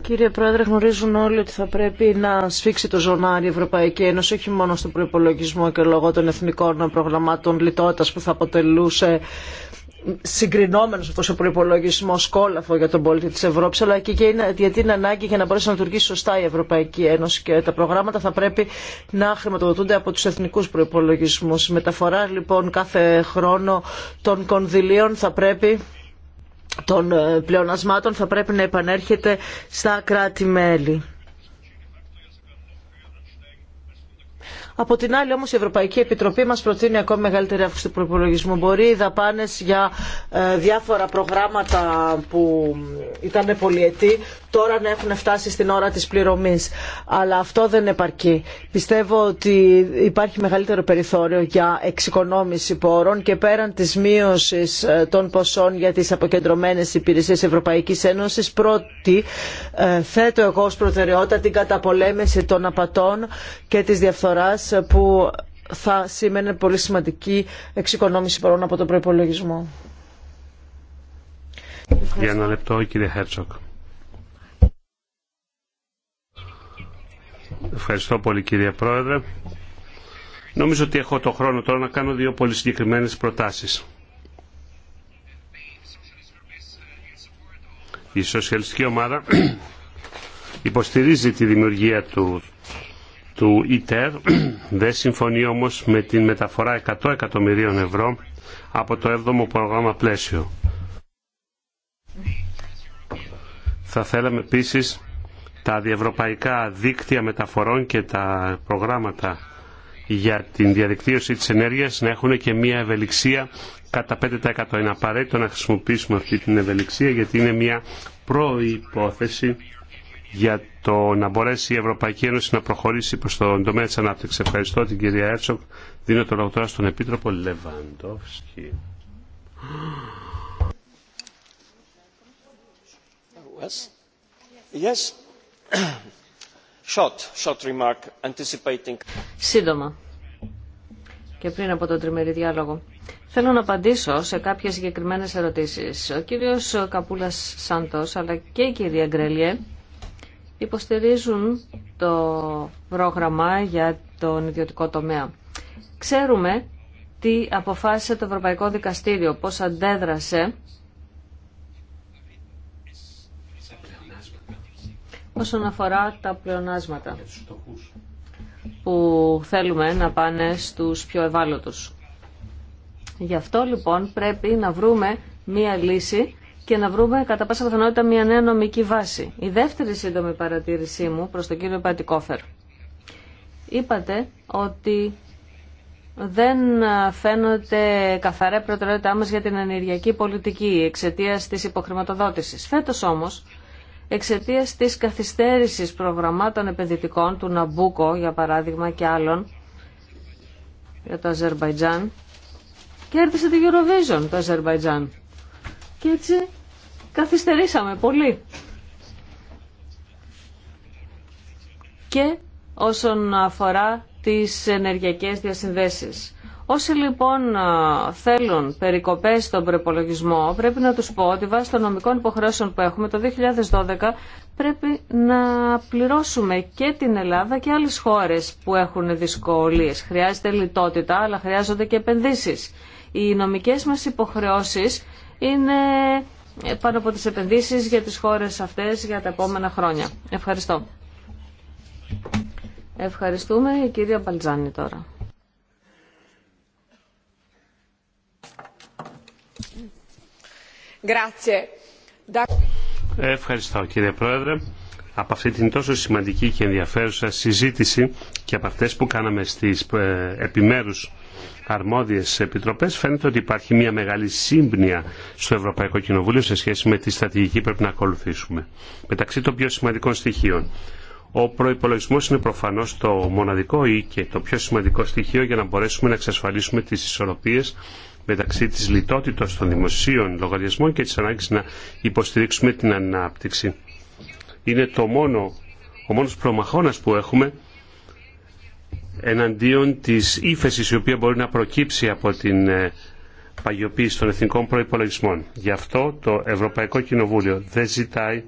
Κύριε Πρόεδρε, γνωρίζουν όλοι ότι θα πρέπει να σφίξει το ζωνάρι η Ευρωπαϊκή Ένωση, όχι μόνο στον προπολογισμό και λόγω των εθνικών προγραμμάτων λιτότητα που θα αποτελούσε συγκρινόμενο αυτό ο προπολογισμό κόλαφο για τον πολίτη τη Ευρώπη, αλλά και γιατί είναι ανάγκη για να μπορέσει να λειτουργήσει σωστά η Ευρωπαϊκή Ένωση και τα προγράμματα θα πρέπει να χρηματοδοτούνται από του εθνικού προπολογισμού. Η μεταφορά λοιπόν κάθε χρόνο των κονδυλίων θα πρέπει των ε, πλεονασμάτων θα πρέπει να επανέρχεται στα κράτη-μέλη. Από την άλλη όμως η Ευρωπαϊκή Επιτροπή μας προτείνει ακόμη μεγαλύτερη αύξηση του προπολογισμού. Μπορεί οι δαπάνες για ε, διάφορα προγράμματα που ήταν πολυετή τώρα να έχουν φτάσει στην ώρα της πληρωμής. Αλλά αυτό δεν επαρκεί. Πιστεύω ότι υπάρχει μεγαλύτερο περιθώριο για εξοικονόμηση πόρων και πέραν της μείωσης ε, των ποσών για τις αποκεντρωμένες υπηρεσίες Ευρωπαϊκής Ένωσης πρώτη ε, θέτω εγώ ως προτεραιότητα την καταπολέμηση των απατών και της διαφθοράς που θα σημαίνει πολύ σημαντική εξοικονόμηση παρόν από τον προπολογισμό. Για ένα λεπτό, κύριε Χέρτσοκ. Ευχαριστώ πολύ κύριε Πρόεδρε. Νομίζω ότι έχω το χρόνο τώρα να κάνω δύο πολύ συγκεκριμένες προτάσεις. Η σοσιαλιστική ομάδα υποστηρίζει τη δημιουργία του του ΙΤΕΡ δεν συμφωνεί όμως με την μεταφορά 100 εκατομμυρίων ευρώ από το 7ο πρόγραμμα πλαίσιο. Θα θέλαμε επίσης τα διευρωπαϊκά δίκτυα μεταφορών και τα προγράμματα για την διαδικτύωση της ενέργειας να έχουν και μια ευελιξία κατά 5%. Είναι απαραίτητο να χρησιμοποιήσουμε αυτή την ευελιξία γιατί είναι μια προϋπόθεση για το να μπορέσει η Ευρωπαϊκή Ένωση να προχωρήσει προς τον τομέα της ανάπτυξης. Ευχαριστώ την κυρία Έρτσοκ. Δίνω το λόγο τώρα στον Επίτροπο Λεβαντόφσκι. Yes. remark, anticipating. Σύντομα και πριν από τον τριμερή διάλογο. Θέλω να απαντήσω σε κάποιες συγκεκριμένες ερωτήσεις. Ο κύριος Καπούλας Σάντος αλλά και η κυρία Γκρελιέ υποστηρίζουν το πρόγραμμα για τον ιδιωτικό τομέα. Ξέρουμε τι αποφάσισε το Ευρωπαϊκό Δικαστήριο, πώς αντέδρασε όσον αφορά τα πλεονάσματα που θέλουμε να πάνε στους πιο ευάλωτους. Γι' αυτό λοιπόν πρέπει να βρούμε μία λύση και να βρούμε κατά πάσα πιθανότητα μια νέα νομική βάση. Η δεύτερη σύντομη παρατήρησή μου προς τον κύριο Πατικόφερ. Είπατε ότι δεν φαίνονται καθαρά προτεραιότητά μας για την ενεργειακή πολιτική εξαιτία της υποχρηματοδότησης. Φέτος όμως, εξαιτία της καθυστέρησης προγραμμάτων επενδυτικών του Ναμπούκο, για παράδειγμα, και άλλων, για το Αζερβαϊτζάν, κέρδισε τη Eurovision το Αζερβαϊτζάν. Και έτσι Καθυστερήσαμε πολύ. Και όσον αφορά τις ενεργειακές διασυνδέσεις. Όσοι λοιπόν θέλουν περικοπές στον προπολογισμό, πρέπει να τους πω ότι βάσει των νομικών υποχρεώσεων που έχουμε το 2012 πρέπει να πληρώσουμε και την Ελλάδα και άλλες χώρες που έχουν δυσκολίες. Χρειάζεται λιτότητα, αλλά χρειάζονται και επενδύσεις. Οι νομικές μας υποχρεώσεις είναι ε, πάνω από τις επενδύσεις για τις χώρες αυτές για τα επόμενα χρόνια. Ευχαριστώ. Ευχαριστούμε η κυρία Μπαλτζάνη τώρα. Ευχαριστώ κύριε Πρόεδρε. Από αυτή την τόσο σημαντική και ενδιαφέρουσα συζήτηση και από αυτές που κάναμε στις ε, επιμέρους Αρμόδιε επιτροπές φαίνεται ότι υπάρχει μια μεγάλη σύμπνοια στο Ευρωπαϊκό Κοινοβούλιο σε σχέση με τη στρατηγική που πρέπει να ακολουθήσουμε. Μεταξύ των πιο σημαντικών στοιχείων. Ο προϋπολογισμός είναι προφανώς το μοναδικό ή και το πιο σημαντικό στοιχείο για να μπορέσουμε να εξασφαλίσουμε τις ισορροπίες μεταξύ της λιτότητας των δημοσίων λογαριασμών και της ανάγκης να υποστηρίξουμε την ανάπτυξη. Είναι το μόνο, ο μόνος προμαχώνας που έχουμε εναντίον της ύφεση η οποία μπορεί να προκύψει από την ε, παγιοποίηση των εθνικών προϋπολογισμών. Γι' αυτό το Ευρωπαϊκό Κοινοβούλιο δεν ζητάει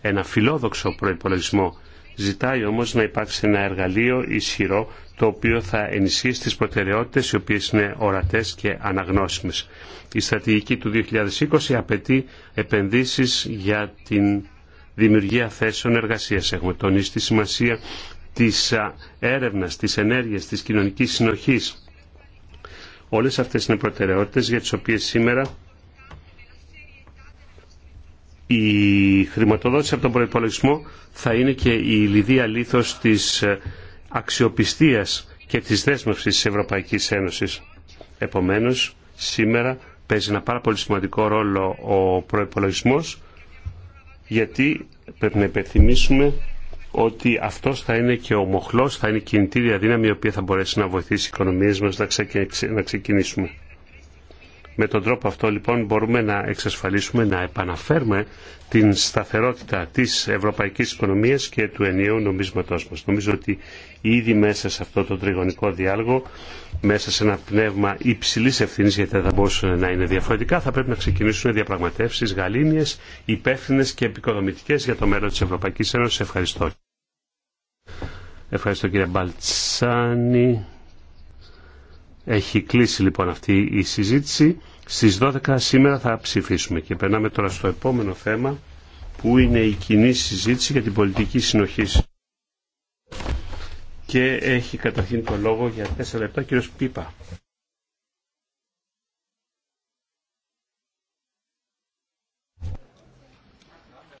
ένα φιλόδοξο προϋπολογισμό. Ζητάει όμως να υπάρξει ένα εργαλείο ισχυρό το οποίο θα ενισχύσει τις προτεραιότητες οι οποίες είναι ορατές και αναγνώσιμες. Η στρατηγική του 2020 απαιτεί επενδύσεις για την δημιουργία θέσεων εργασίας. Έχουμε τονίσει τη σημασία της έρευνας, της ενέργειας, της κοινωνικής συνοχής. Όλες αυτές είναι προτεραιότητες για τις οποίες σήμερα η χρηματοδότηση από τον προϋπολογισμό θα είναι και η λιδία λίθος της ε, αξιοπιστίας και της δέσμευσης της Ευρωπαϊκής Ένωσης. Επομένως, σήμερα παίζει ένα πάρα πολύ σημαντικό ρόλο ο προϋπολογισμός γιατί πρέπει να υπενθυμίσουμε ότι αυτό θα είναι και ο μοχλό, θα είναι η κινητήρια δύναμη η οποία θα μπορέσει να βοηθήσει οι οικονομίε μας να ξεκινήσουμε. Με τον τρόπο αυτό λοιπόν μπορούμε να εξασφαλίσουμε να επαναφέρουμε την σταθερότητα της ευρωπαϊκής οικονομίας και του ενιαίου νομίσματός μας. Νομίζω ότι ήδη μέσα σε αυτό το τριγωνικό διάλογο, μέσα σε ένα πνεύμα υψηλής ευθύνης γιατί δεν θα μπορούσαν να είναι διαφορετικά, θα πρέπει να ξεκινήσουν διαπραγματεύσεις γαλήνιες, υπεύθυνε και επικοδομητικές για το μέλλον της Ευρωπαϊκής Ένωση. Ευχαριστώ. Ευχαριστώ κύριε Μπαλτσάνη. Έχει κλείσει λοιπόν αυτή η συζήτηση. Στις 12 σήμερα θα ψηφίσουμε και περνάμε τώρα στο επόμενο θέμα που είναι η κοινή συζήτηση για την πολιτική συνοχή. Και έχει καταρχήν το λόγο για 4 λεπτά κύριος Πίπα.